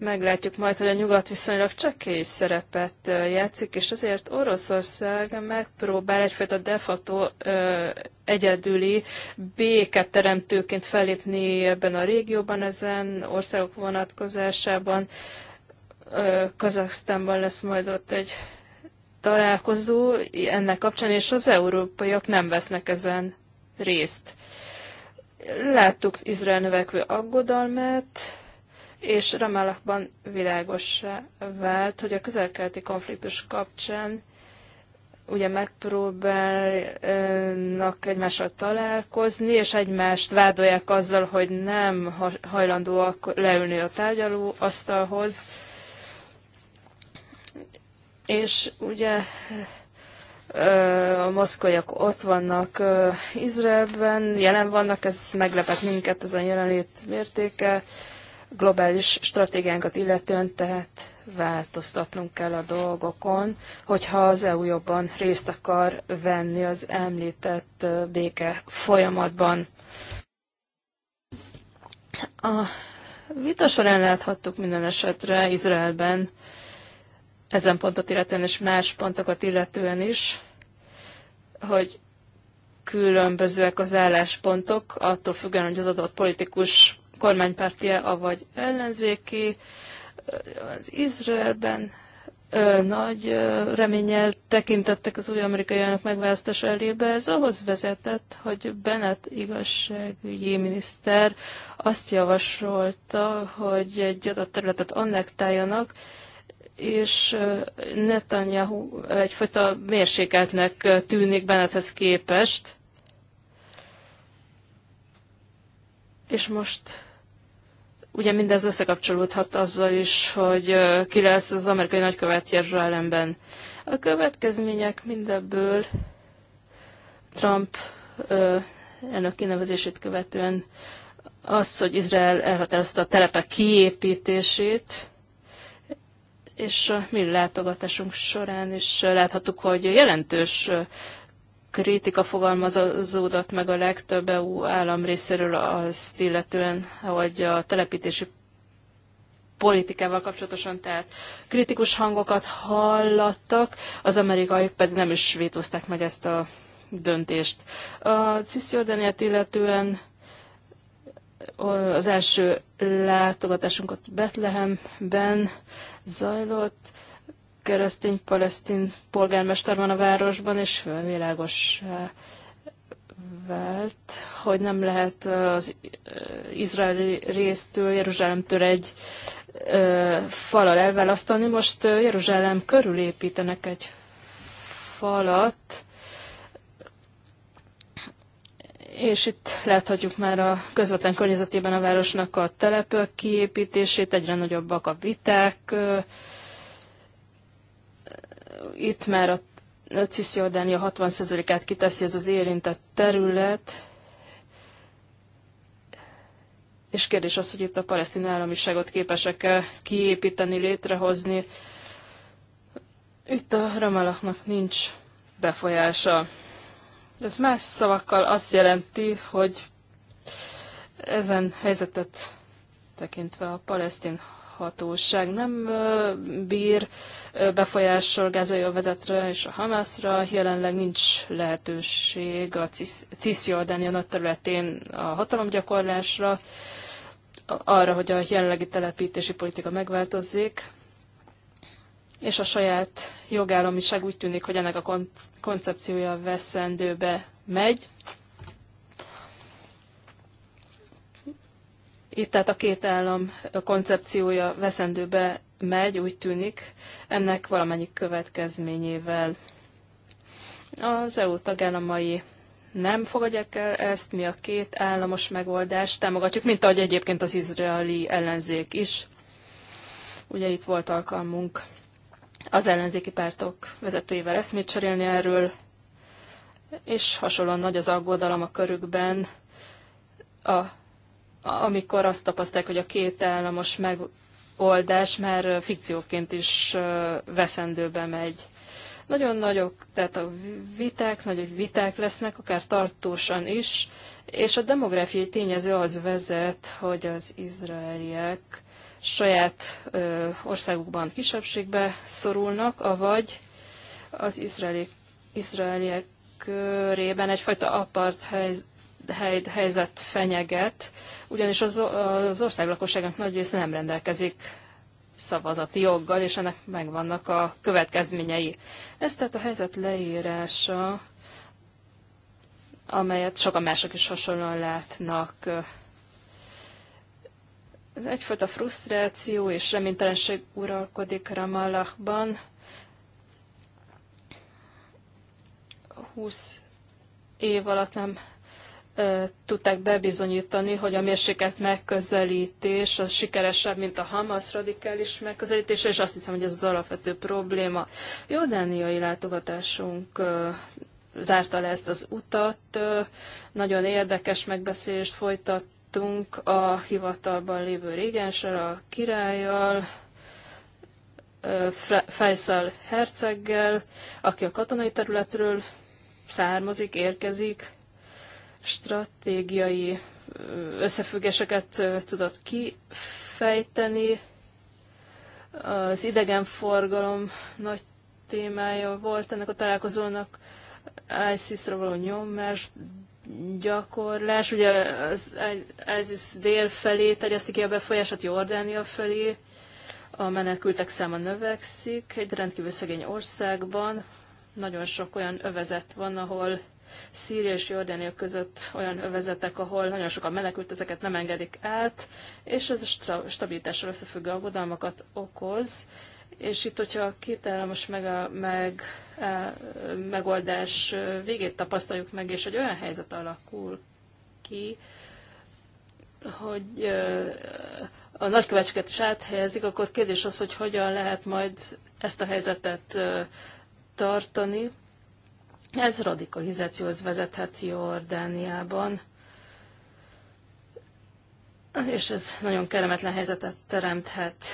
meglátjuk majd, hogy a nyugat viszonylag csekély szerepet játszik, és azért Oroszország megpróbál egyfajta de facto ö, egyedüli teremtőként felépni ebben a régióban, ezen országok vonatkozásában. Kazaksztánban lesz majd ott egy találkozó ennek kapcsán, és az európaiak nem vesznek ezen részt. Láttuk Izrael növekvő aggodalmát, és Ramallahban világos vált, hogy a közelkeleti konfliktus kapcsán ugye megpróbálnak egymással találkozni, és egymást vádolják azzal, hogy nem hajlandóak leülni a tárgyaló asztalhoz. És ugye a moszkvaiak ott vannak Izraelben, jelen vannak, ez meglepett minket, ez a jelenlét mértéke globális stratégiánkat illetően, tehát változtatnunk kell a dolgokon, hogyha az EU jobban részt akar venni az említett béke folyamatban. A vita során láthattuk minden esetre Izraelben, ezen pontot illetően és más pontokat illetően is, hogy különbözőek az álláspontok, attól függően, hogy az adott politikus kormánypárti, avagy ellenzéki. Az Izraelben ö, nagy ö, reményel tekintettek az új amerikai elnök megválasztása elébe. Ez ahhoz vezetett, hogy Bennett igazságügyi miniszter azt javasolta, hogy egy adott területet annektáljanak, és Netanyahu egyfajta mérsékeltnek tűnik Bennetthez képest. És most Ugye mindez összekapcsolódhat azzal is, hogy ki lesz az amerikai nagykövet Jeruzsálemben. A következmények mindebből Trump elnök kinevezését követően az, hogy Izrael elhatározta a telepek kiépítését, és a mi látogatásunk során is láthattuk, hogy jelentős kritika fogalmazódott meg a legtöbb EU állam részéről azt illetően, hogy a telepítési politikával kapcsolatosan, tehát kritikus hangokat hallattak, az amerikai pedig nem is vétózták meg ezt a döntést. A Cisjordániát illetően az első látogatásunkat Betlehemben zajlott, keresztény palesztin polgármester van a városban, és világos eh, vált, hogy nem lehet eh, az eh, izraeli résztől, Jeruzsálemtől egy falal elválasztani. Most Jeruzsálem körül építenek egy falat, és itt láthatjuk már a közvetlen környezetében a városnak a telepök kiépítését, egyre nagyobbak a viták, itt már a Cisziordánia 60%-át kiteszi ez az érintett terület, és kérdés az, hogy itt a palesztin államiságot képesek-e kiépíteni, létrehozni. Itt a ramalaknak nincs befolyása. Ez más szavakkal azt jelenti, hogy ezen helyzetet tekintve a palesztin hatóság nem bír befolyással gázai övezetre és a Hamászra. Jelenleg nincs lehetőség a Cisjordánia nagy területén a hatalomgyakorlásra, arra, hogy a jelenlegi telepítési politika megváltozzék és a saját jogállamiság úgy tűnik, hogy ennek a koncepciója veszendőbe megy, Itt tehát a két állam koncepciója veszendőbe megy, úgy tűnik, ennek valamennyi következményével. Az EU tagállamai nem fogadják el ezt, mi a két államos megoldást támogatjuk, mint ahogy egyébként az izraeli ellenzék is. Ugye itt volt alkalmunk az ellenzéki pártok vezetőivel eszmét cserélni erről, és hasonlóan nagy az aggodalom a körükben a amikor azt tapasztalják, hogy a két államos megoldás már fikcióként is veszendőbe megy. Nagyon nagyok, tehát a viták, nagy viták lesznek, akár tartósan is, és a demográfiai tényező az vezet, hogy az izraeliek saját ö, országukban kisebbségbe szorulnak, avagy az izraeli, izraeliek körében egyfajta apartheid helyzet fenyeget, ugyanis az, az ország lakosságnak nagy része nem rendelkezik szavazati joggal, és ennek megvannak a következményei. Ez tehát a helyzet leírása, amelyet sokan mások is hasonlóan látnak. Egyfajta frusztráció és reménytelenség uralkodik Ramallahban. 20 év alatt nem tudták bebizonyítani, hogy a mérsékelt megközelítés az sikeresebb, mint a Hamas radikális megközelítése, és azt hiszem, hogy ez az alapvető probléma. Jordániai látogatásunk zárta le ezt az utat, nagyon érdekes megbeszélést folytattunk a hivatalban lévő régenssel, a királlyal, Fejszal herceggel, aki a katonai területről származik, érkezik, stratégiai összefüggéseket tudott kifejteni. Az idegenforgalom nagy témája volt ennek a találkozónak, ISIS-ra való nyomás, gyakorlás, ugye az ISIS dél felé terjeszti ki a befolyását Jordánia felé, a menekültek száma növekszik, egy rendkívül szegény országban, nagyon sok olyan övezet van, ahol Szíria és Jordánia között olyan övezetek, ahol nagyon sokan menekült, ezeket nem engedik át, és ez a stabilitással összefüggő aggodalmakat okoz. És itt, hogyha a két államos meg a, meg, a, e, megoldás végét tapasztaljuk meg, és egy olyan helyzet alakul ki, hogy e, a nagykövetséget is áthelyezik, akkor kérdés az, hogy hogyan lehet majd ezt a helyzetet e, tartani, ez radikalizációhoz vezethet Jordániában, és ez nagyon kellemetlen helyzetet teremthet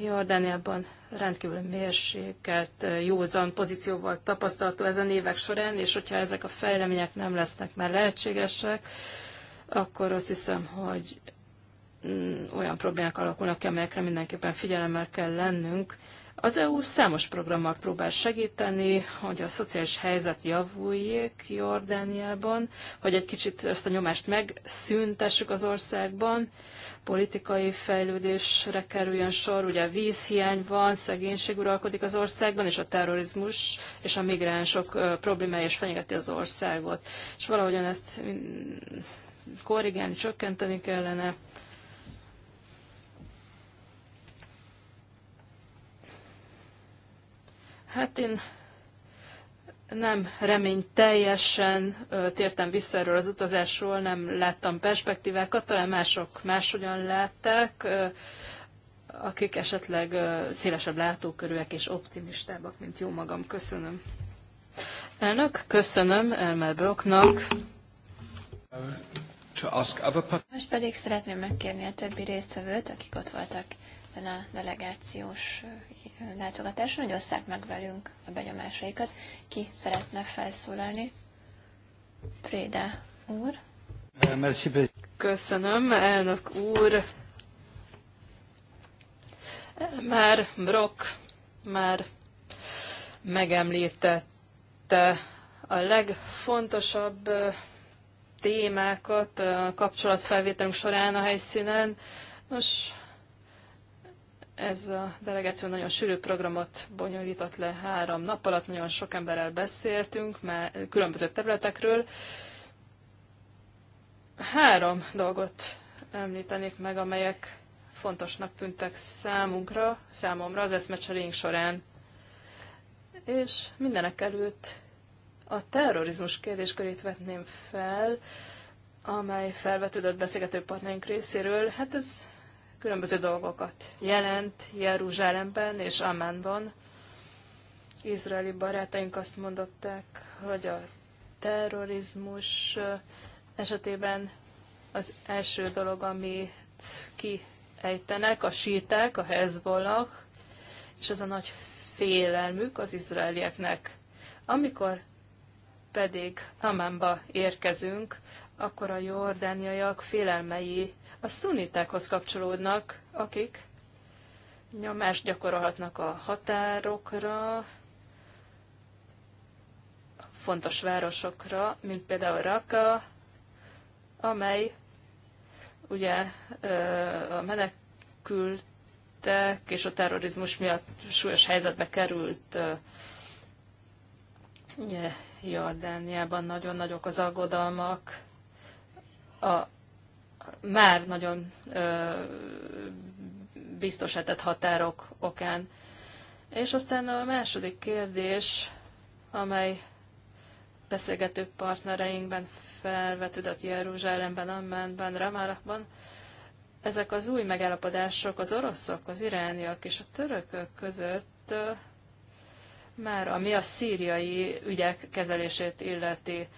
Jordániában rendkívül mérsékelt, józan pozícióval tapasztalható ezen évek során, és hogyha ezek a fejlemények nem lesznek már lehetségesek, akkor azt hiszem, hogy mm, olyan problémák alakulnak ki, amelyekre mindenképpen figyelemmel kell lennünk, az EU számos programmal próbál segíteni, hogy a szociális helyzet javuljék Jordániában, hogy egy kicsit ezt a nyomást megszüntessük az országban, politikai fejlődésre kerüljön sor, ugye vízhiány van, szegénység uralkodik az országban, és a terrorizmus és a migránsok problémája is fenyegeti az országot. És valahogyan ezt korrigálni, csökkenteni kellene. Hát én nem remény teljesen tértem vissza erről az utazásról, nem láttam perspektívákat, talán mások máshogyan látták, akik esetleg szélesebb látókörűek és optimistábbak, mint jó magam. Köszönöm. Elnök, köszönöm Elmer Brocknak. Most pedig szeretném megkérni a többi résztvevőt, akik ott voltak a delegációs látogatásra, hogy osszák meg velünk a benyomásaikat. Ki szeretne felszólalni? Préda úr. Köszönöm, elnök úr. Már Brock már megemlítette a legfontosabb témákat a kapcsolatfelvételünk során a helyszínen. Nos, ez a delegáció nagyon sűrű programot bonyolított le három nap alatt, nagyon sok emberrel beszéltünk, már különböző területekről. Három dolgot említenék meg, amelyek fontosnak tűntek számunkra, számomra az eszmecserénk során. És mindenek előtt a terrorizmus kérdéskörét vetném fel, amely felvetődött beszélgetőpartnereink részéről. Hát ez különböző dolgokat jelent Jeruzsálemben és Amánban. Izraeli barátaink azt mondották, hogy a terrorizmus esetében az első dolog, amit kiejtenek a síták, a Hezbollah, és ez a nagy félelmük az izraelieknek. Amikor pedig Amánba érkezünk, akkor a jordániaiak félelmei a szunitákhoz kapcsolódnak, akik nyomást gyakorolhatnak a határokra, fontos városokra, mint például Raqqa, amely ugye a menekültek és a terrorizmus miatt súlyos helyzetbe került Jordániában nagyon nagyok az aggodalmak a már nagyon biztosetett határok okán. És aztán a második kérdés, amely beszélgető partnereinkben felvetődött Jeruzsálemben, Ammanben, Ramallahban, ezek az új megállapodások az oroszok, az irániak és a törökök között már ami a szíriai ügyek kezelését illeti.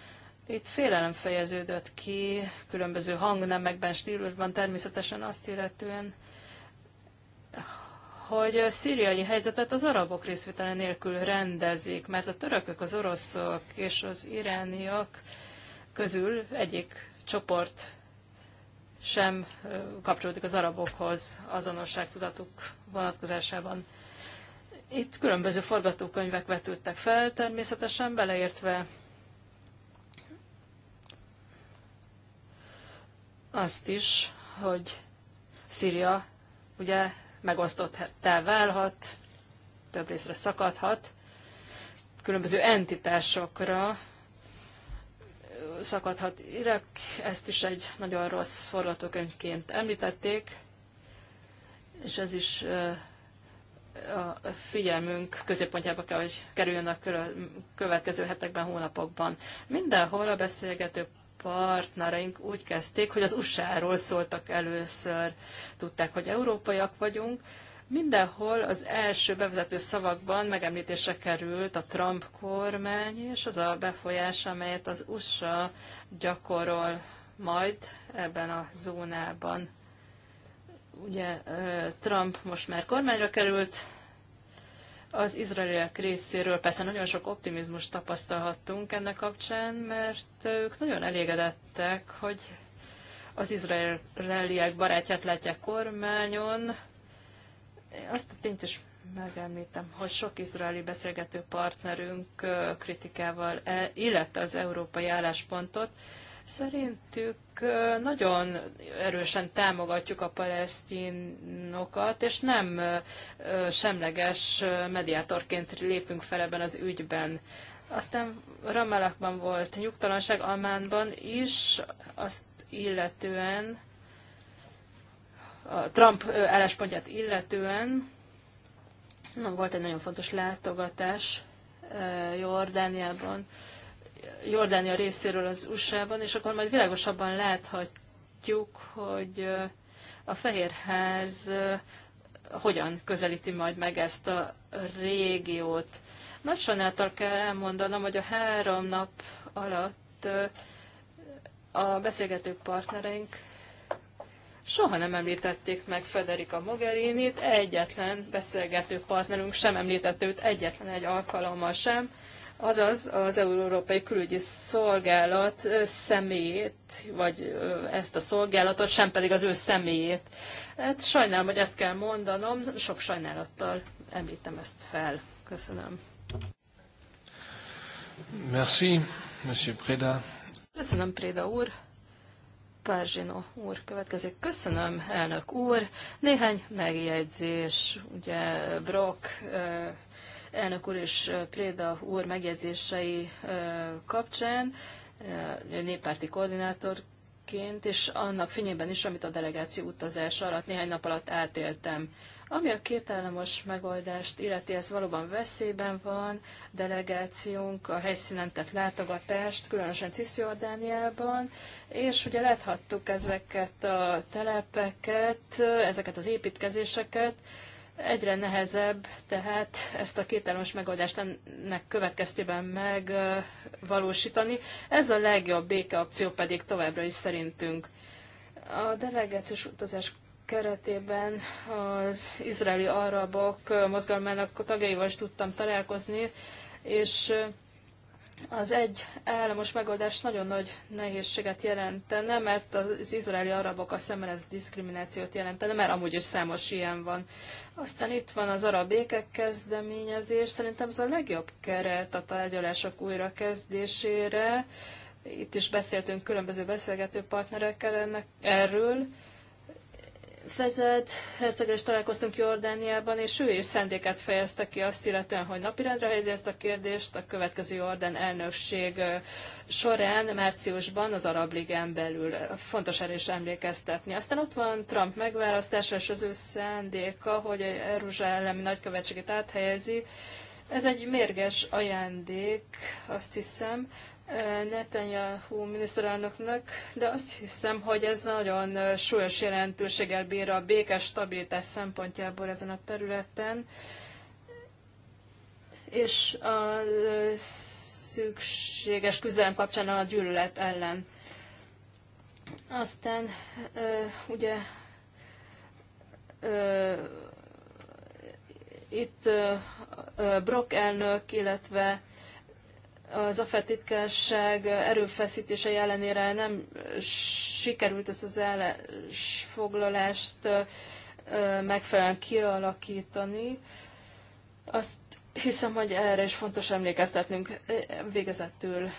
Itt félelem fejeződött ki, különböző hangnemekben, stílusban természetesen azt illetően, hogy a szíriai helyzetet az arabok részvétele nélkül rendezik, mert a törökök, az oroszok és az irániak közül egyik csoport sem kapcsolódik az arabokhoz azonosságtudatuk vonatkozásában. Itt különböző forgatókönyvek vetődtek fel, természetesen beleértve azt is, hogy Szíria ugye megosztottá válhat, több részre szakadhat, különböző entitásokra szakadhat Irak, ezt is egy nagyon rossz forgatókönyvként említették, és ez is a figyelmünk középpontjába kell, hogy kerüljön a következő hetekben, hónapokban. Mindenhol a beszélgető partnereink úgy kezdték, hogy az USA-ról szóltak először, tudták, hogy európaiak vagyunk. Mindenhol az első bevezető szavakban megemlítése került a Trump kormány, és az a befolyás, amelyet az USA gyakorol majd ebben a zónában. Ugye Trump most már kormányra került, az izraeliek részéről persze nagyon sok optimizmust tapasztalhattunk ennek kapcsán, mert ők nagyon elégedettek, hogy az izraeliek barátját látják kormányon. Azt a tényt is megemlítem, hogy sok izraeli beszélgető partnerünk kritikával e, illette az európai álláspontot, Szerintük nagyon erősen támogatjuk a palesztinokat, és nem semleges mediátorként lépünk fel ebben az ügyben. Aztán ramelakban volt nyugtalanság, Almánban is, azt illetően, a Trump álláspontját illetően, volt egy nagyon fontos látogatás Jordániában, Jordánia részéről az USA-ban, és akkor majd világosabban láthatjuk, hogy a Fehérház hogyan közelíti majd meg ezt a régiót. Nagy sajnáltal kell elmondanom, hogy a három nap alatt a beszélgető partnereink soha nem említették meg Federica Mogherinit, egyetlen beszélgető partnerünk sem említett őt egyetlen egy alkalommal sem, azaz az Európai Külügyi Szolgálat személyét, vagy ezt a szolgálatot, sem pedig az ő személyét. Hát sajnálom, hogy ezt kell mondanom, sok sajnálattal említem ezt fel. Köszönöm. Merci, Monsieur Preda. Köszönöm, Préda úr. Párzsino úr következik. Köszönöm, elnök úr. Néhány megjegyzés, ugye Brock elnök úr és Préda úr megjegyzései kapcsán, néppárti koordinátorként, és annak fényében is, amit a delegáció utazás alatt néhány nap alatt átéltem. Ami a kétállamos megoldást illeti, ez valóban veszélyben van. Delegációnk a helyszínen tett látogatást, különösen Cisziordániában, és ugye láthattuk ezeket a telepeket, ezeket az építkezéseket, Egyre nehezebb tehát ezt a kételmes megoldást ennek következtében megvalósítani. Ez a legjobb békeakció pedig továbbra is szerintünk. A delegációs utazás keretében az izraeli arabok mozgalmának tagjaival is tudtam találkozni, és az egy államos megoldás nagyon nagy nehézséget jelentene, mert az izraeli arabok a szemmel ez diszkriminációt jelentene, mert amúgy is számos ilyen van. Aztán itt van az arab békek kezdeményezés, szerintem ez a legjobb keret a tárgyalások újrakezdésére. Itt is beszéltünk különböző beszélgető partnerekkel ennek, erről, vezet, herceggel is találkoztunk Jordániában, és ő is szendéket fejezte ki azt illetően, hogy napirendre helyezi ezt a kérdést a következő Jordán elnökség során, márciusban az Arab Ligán belül. Fontos erre is emlékeztetni. Aztán ott van Trump megválasztása és az ő szándéka, hogy Jeruzsálemi nagykövetségét áthelyezi. Ez egy mérges ajándék, azt hiszem, Netanyahu miniszterelnöknek, de azt hiszem, hogy ez nagyon súlyos jelentőséggel bír a békés stabilitás szempontjából ezen a területen, és a szükséges küzdelem kapcsán a gyűlölet ellen. Aztán ugye itt Brock elnök, illetve az afetitkesség erőfeszítései ellenére nem sikerült ezt az állásfoglalást megfelelően kialakítani. Azt hiszem, hogy erre is fontos emlékeztetnünk végezetül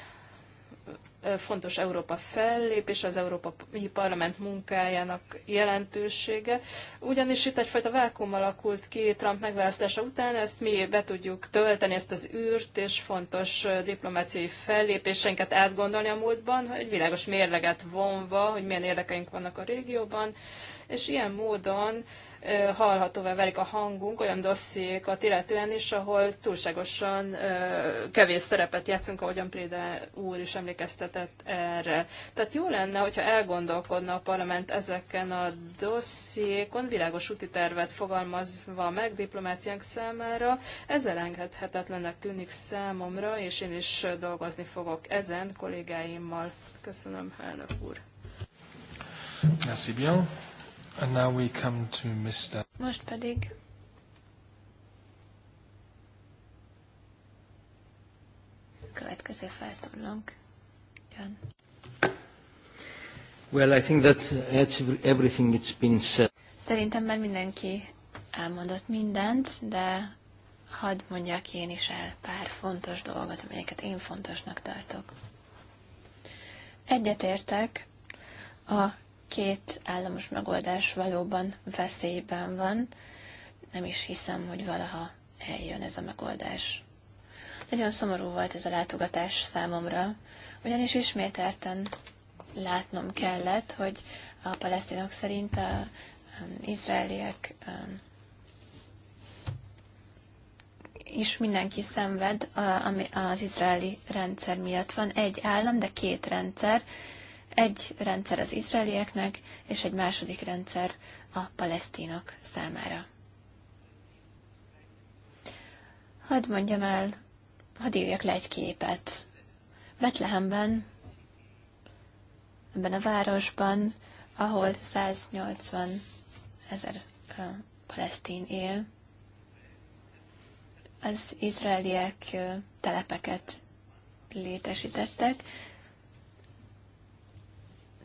fontos Európa fellépés, az Európai Parlament munkájának jelentősége. Ugyanis itt egyfajta vákum alakult ki Trump megválasztása után, ezt mi be tudjuk tölteni, ezt az űrt, és fontos diplomáciai fellépéseinket átgondolni a múltban, egy világos mérleget vonva, hogy milyen érdekeink vannak a régióban, és ilyen módon hallhatóvá válik a hangunk olyan dossziékat illetően is, ahol túlságosan kevés szerepet játszunk, ahogyan Préde úr is emlékeztetett erre. Tehát jó lenne, hogyha elgondolkodna a parlament ezeken a dossziékon, világos úti tervet fogalmazva meg diplomáciánk számára. Ez elengedhetetlennek tűnik számomra, és én is dolgozni fogok ezen kollégáimmal. Köszönöm, elnök úr. Merci bien. And now we come to Mr. Most pedig következő felszólalónk jön. Well, I think that everything it's been said. Szerintem már mindenki elmondott mindent, de hadd mondjak én is el pár fontos dolgot, amelyeket én fontosnak tartok. Egyetértek a két államos megoldás valóban veszélyben van. Nem is hiszem, hogy valaha eljön ez a megoldás. Nagyon szomorú volt ez a látogatás számomra, ugyanis ismételten látnom kellett, hogy a palesztinok szerint a um, izraeliek um, is mindenki szenved, ami az izraeli rendszer miatt van. Egy állam, de két rendszer, egy rendszer az izraelieknek, és egy második rendszer a palesztinok számára. Hadd mondjam el, hadd írjak le egy képet. Betlehemben, ebben a városban, ahol 180 ezer palesztin él, az izraeliek telepeket létesítettek,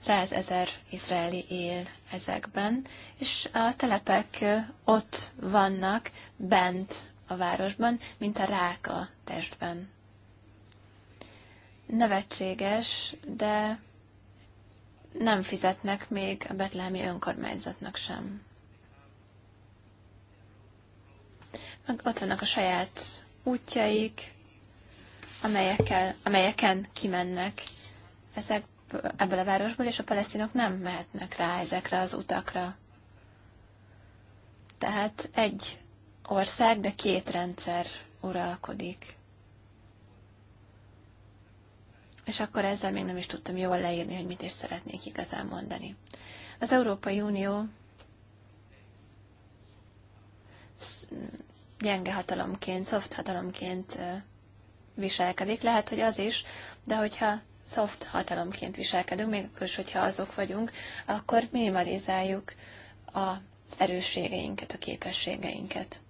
100 ezer izraeli él ezekben, és a telepek ott vannak, bent a városban, mint a rák a testben. Nevetséges, de nem fizetnek még a betlehemi önkormányzatnak sem. Meg ott vannak a saját útjaik, amelyekkel, amelyeken kimennek ezek ebből a városból, és a palesztinok nem mehetnek rá ezekre az utakra. Tehát egy ország, de két rendszer uralkodik. És akkor ezzel még nem is tudtam jól leírni, hogy mit is szeretnék igazán mondani. Az Európai Unió gyenge hatalomként, szoft hatalomként viselkedik, lehet, hogy az is, de hogyha soft hatalomként viselkedünk, még akkor is, hogyha azok vagyunk, akkor minimalizáljuk az erősségeinket, a képességeinket.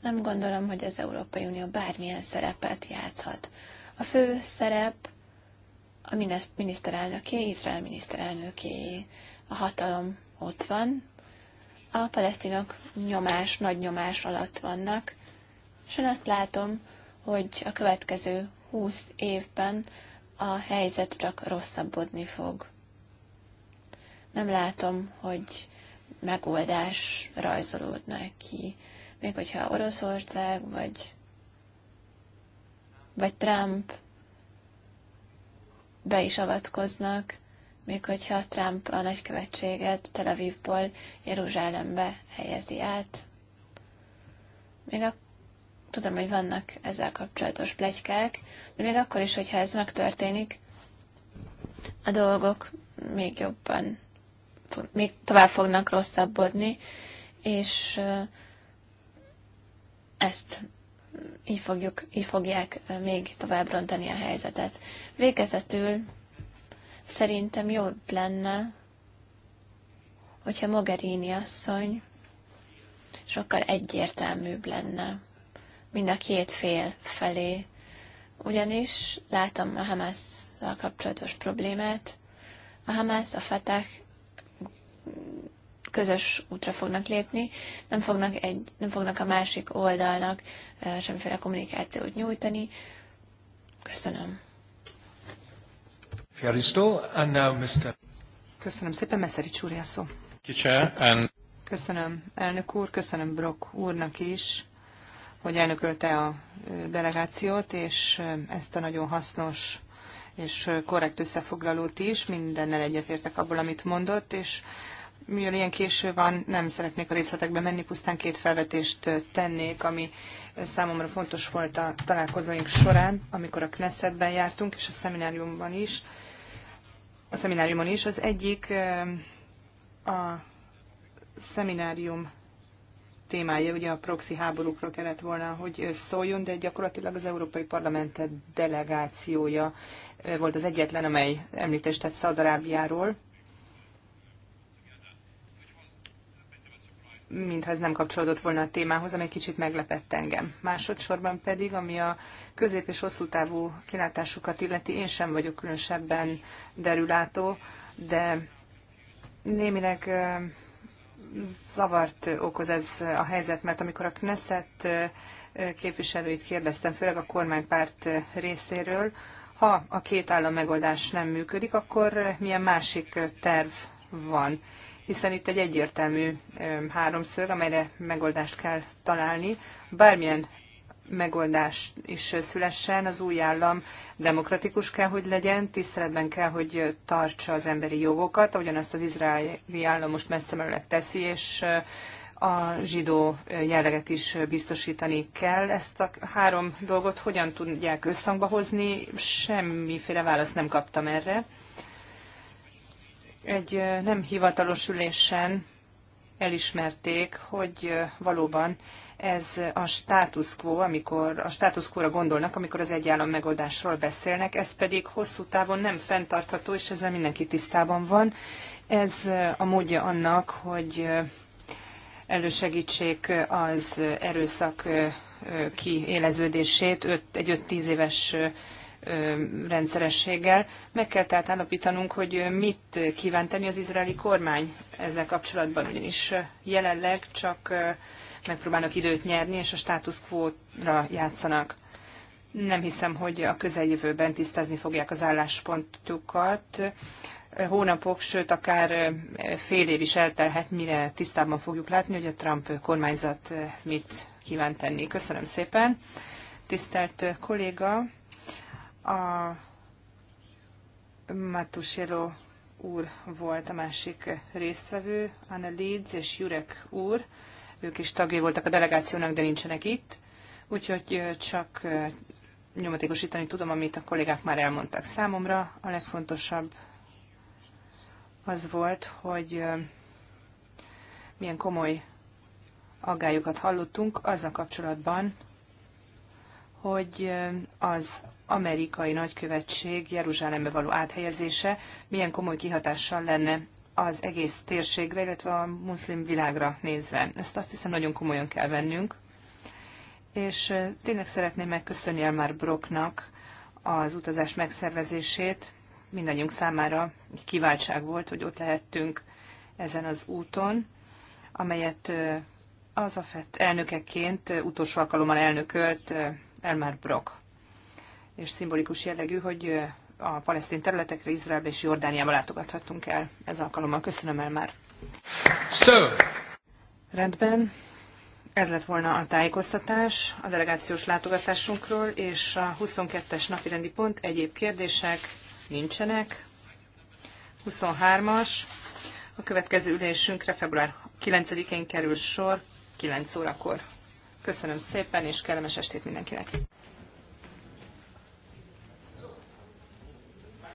Nem gondolom, hogy az Európai Unió bármilyen szerepet játszhat. A fő szerep a miniszterelnöké, Izrael miniszterelnöké. A hatalom ott van, a palesztinok nyomás, nagy nyomás alatt vannak, és én azt látom, hogy a következő 20 évben a helyzet csak rosszabbodni fog. Nem látom, hogy megoldás rajzolódna ki. Még hogyha Oroszország, vagy, vagy Trump be is avatkoznak, még hogyha Trump a nagykövetséget Tel Avivból Jeruzsálembe helyezi át, még akkor Tudom, hogy vannak ezzel kapcsolatos plegykák, de még akkor is, hogyha ez megtörténik, a dolgok még jobban, még tovább fognak rosszabbodni, és ezt így, fogjuk, így fogják még tovább rontani a helyzetet. Végezetül szerintem jobb lenne, hogyha Mogherini asszony sokkal egyértelműbb lenne mind a két fél felé. Ugyanis látom a Hamásszal kapcsolatos problémát. A Hamász, a Fatah közös útra fognak lépni, nem fognak, egy, nem fognak a másik oldalnak semmiféle kommunikációt nyújtani. Köszönöm. Köszönöm szépen, Meszeri Csúri szó. Köszönöm, elnök úr, köszönöm Brock úrnak is hogy elnökölte a delegációt, és ezt a nagyon hasznos és korrekt összefoglalót is, mindennel egyetértek abból, amit mondott, és mivel ilyen késő van, nem szeretnék a részletekbe menni, pusztán két felvetést tennék, ami számomra fontos volt a találkozóink során, amikor a Knessetben jártunk, és a szemináriumban is. A szemináriumon is. Az egyik a szeminárium témája, ugye a proxy háborúkra kellett volna, hogy szóljon, de gyakorlatilag az Európai Parlament delegációja eh, volt az egyetlen, amely említést tett Szaudarábiáról. mintha ez nem kapcsolódott volna a témához, ami egy kicsit meglepett engem. Másodszorban pedig, ami a közép- és hosszú távú kilátásukat illeti, én sem vagyok különösebben derülátó, de némileg eh, zavart okoz ez a helyzet, mert amikor a Knesset képviselőit kérdeztem, főleg a kormánypárt részéről, ha a két állam megoldás nem működik, akkor milyen másik terv van? Hiszen itt egy egyértelmű háromszög, amelyre megoldást kell találni. Bármilyen megoldás is szülessen, az új állam demokratikus kell, hogy legyen, tiszteletben kell, hogy tartsa az emberi jogokat, ahogyan ezt az izraeli állam most messze merőleg teszi, és eh, a zsidó eh, jelleget is biztosítani kell. Ezt a három dolgot hogyan tudják összhangba hozni? Semmiféle választ nem kaptam erre. Egy eh, nem hivatalos ülésen elismerték, hogy valóban ez a status quo, amikor a status quo-ra gondolnak, amikor az egyállam megoldásról beszélnek, ez pedig hosszú távon nem fenntartható, és ezzel mindenki tisztában van. Ez a módja annak, hogy elősegítsék az erőszak kiéleződését egy 5-10 éves rendszerességgel. Meg kell tehát állapítanunk, hogy mit kíván tenni az izraeli kormány ezzel kapcsolatban, ugyanis jelenleg csak megpróbálnak időt nyerni, és a status quo-ra játszanak. Nem hiszem, hogy a közeljövőben tisztázni fogják az álláspontukat. Hónapok, sőt akár fél év is eltelhet, mire tisztában fogjuk látni, hogy a Trump kormányzat mit kíván tenni. Köszönöm szépen. Tisztelt kolléga, a Matusero úr volt a másik résztvevő, Anna Leeds és Jurek úr. Ők is tagjai voltak a delegációnak, de nincsenek itt. Úgyhogy csak nyomatékosítani tudom, amit a kollégák már elmondtak számomra. A legfontosabb az volt, hogy milyen komoly aggályokat hallottunk azzal kapcsolatban, hogy az amerikai nagykövetség Jeruzsálembe való áthelyezése milyen komoly kihatással lenne az egész térségre, illetve a muszlim világra nézve. Ezt azt hiszem nagyon komolyan kell vennünk. És tényleg szeretném megköszönni már Brocknak az utazás megszervezését. Mindannyiunk számára kiváltság volt, hogy ott lehettünk ezen az úton, amelyet az AFET elnökeként utolsó alkalommal elnökölt Elmar Brock és szimbolikus jellegű, hogy a palesztin területekre, Izraelbe és Jordániába látogathattunk el ez alkalommal. Köszönöm el már. So. Rendben. Ez lett volna a tájékoztatás a delegációs látogatásunkról, és a 22-es napi rendi pont egyéb kérdések nincsenek. 23-as. A következő ülésünkre február 9-én kerül sor, 9 órakor. Köszönöm szépen, és kellemes estét mindenkinek!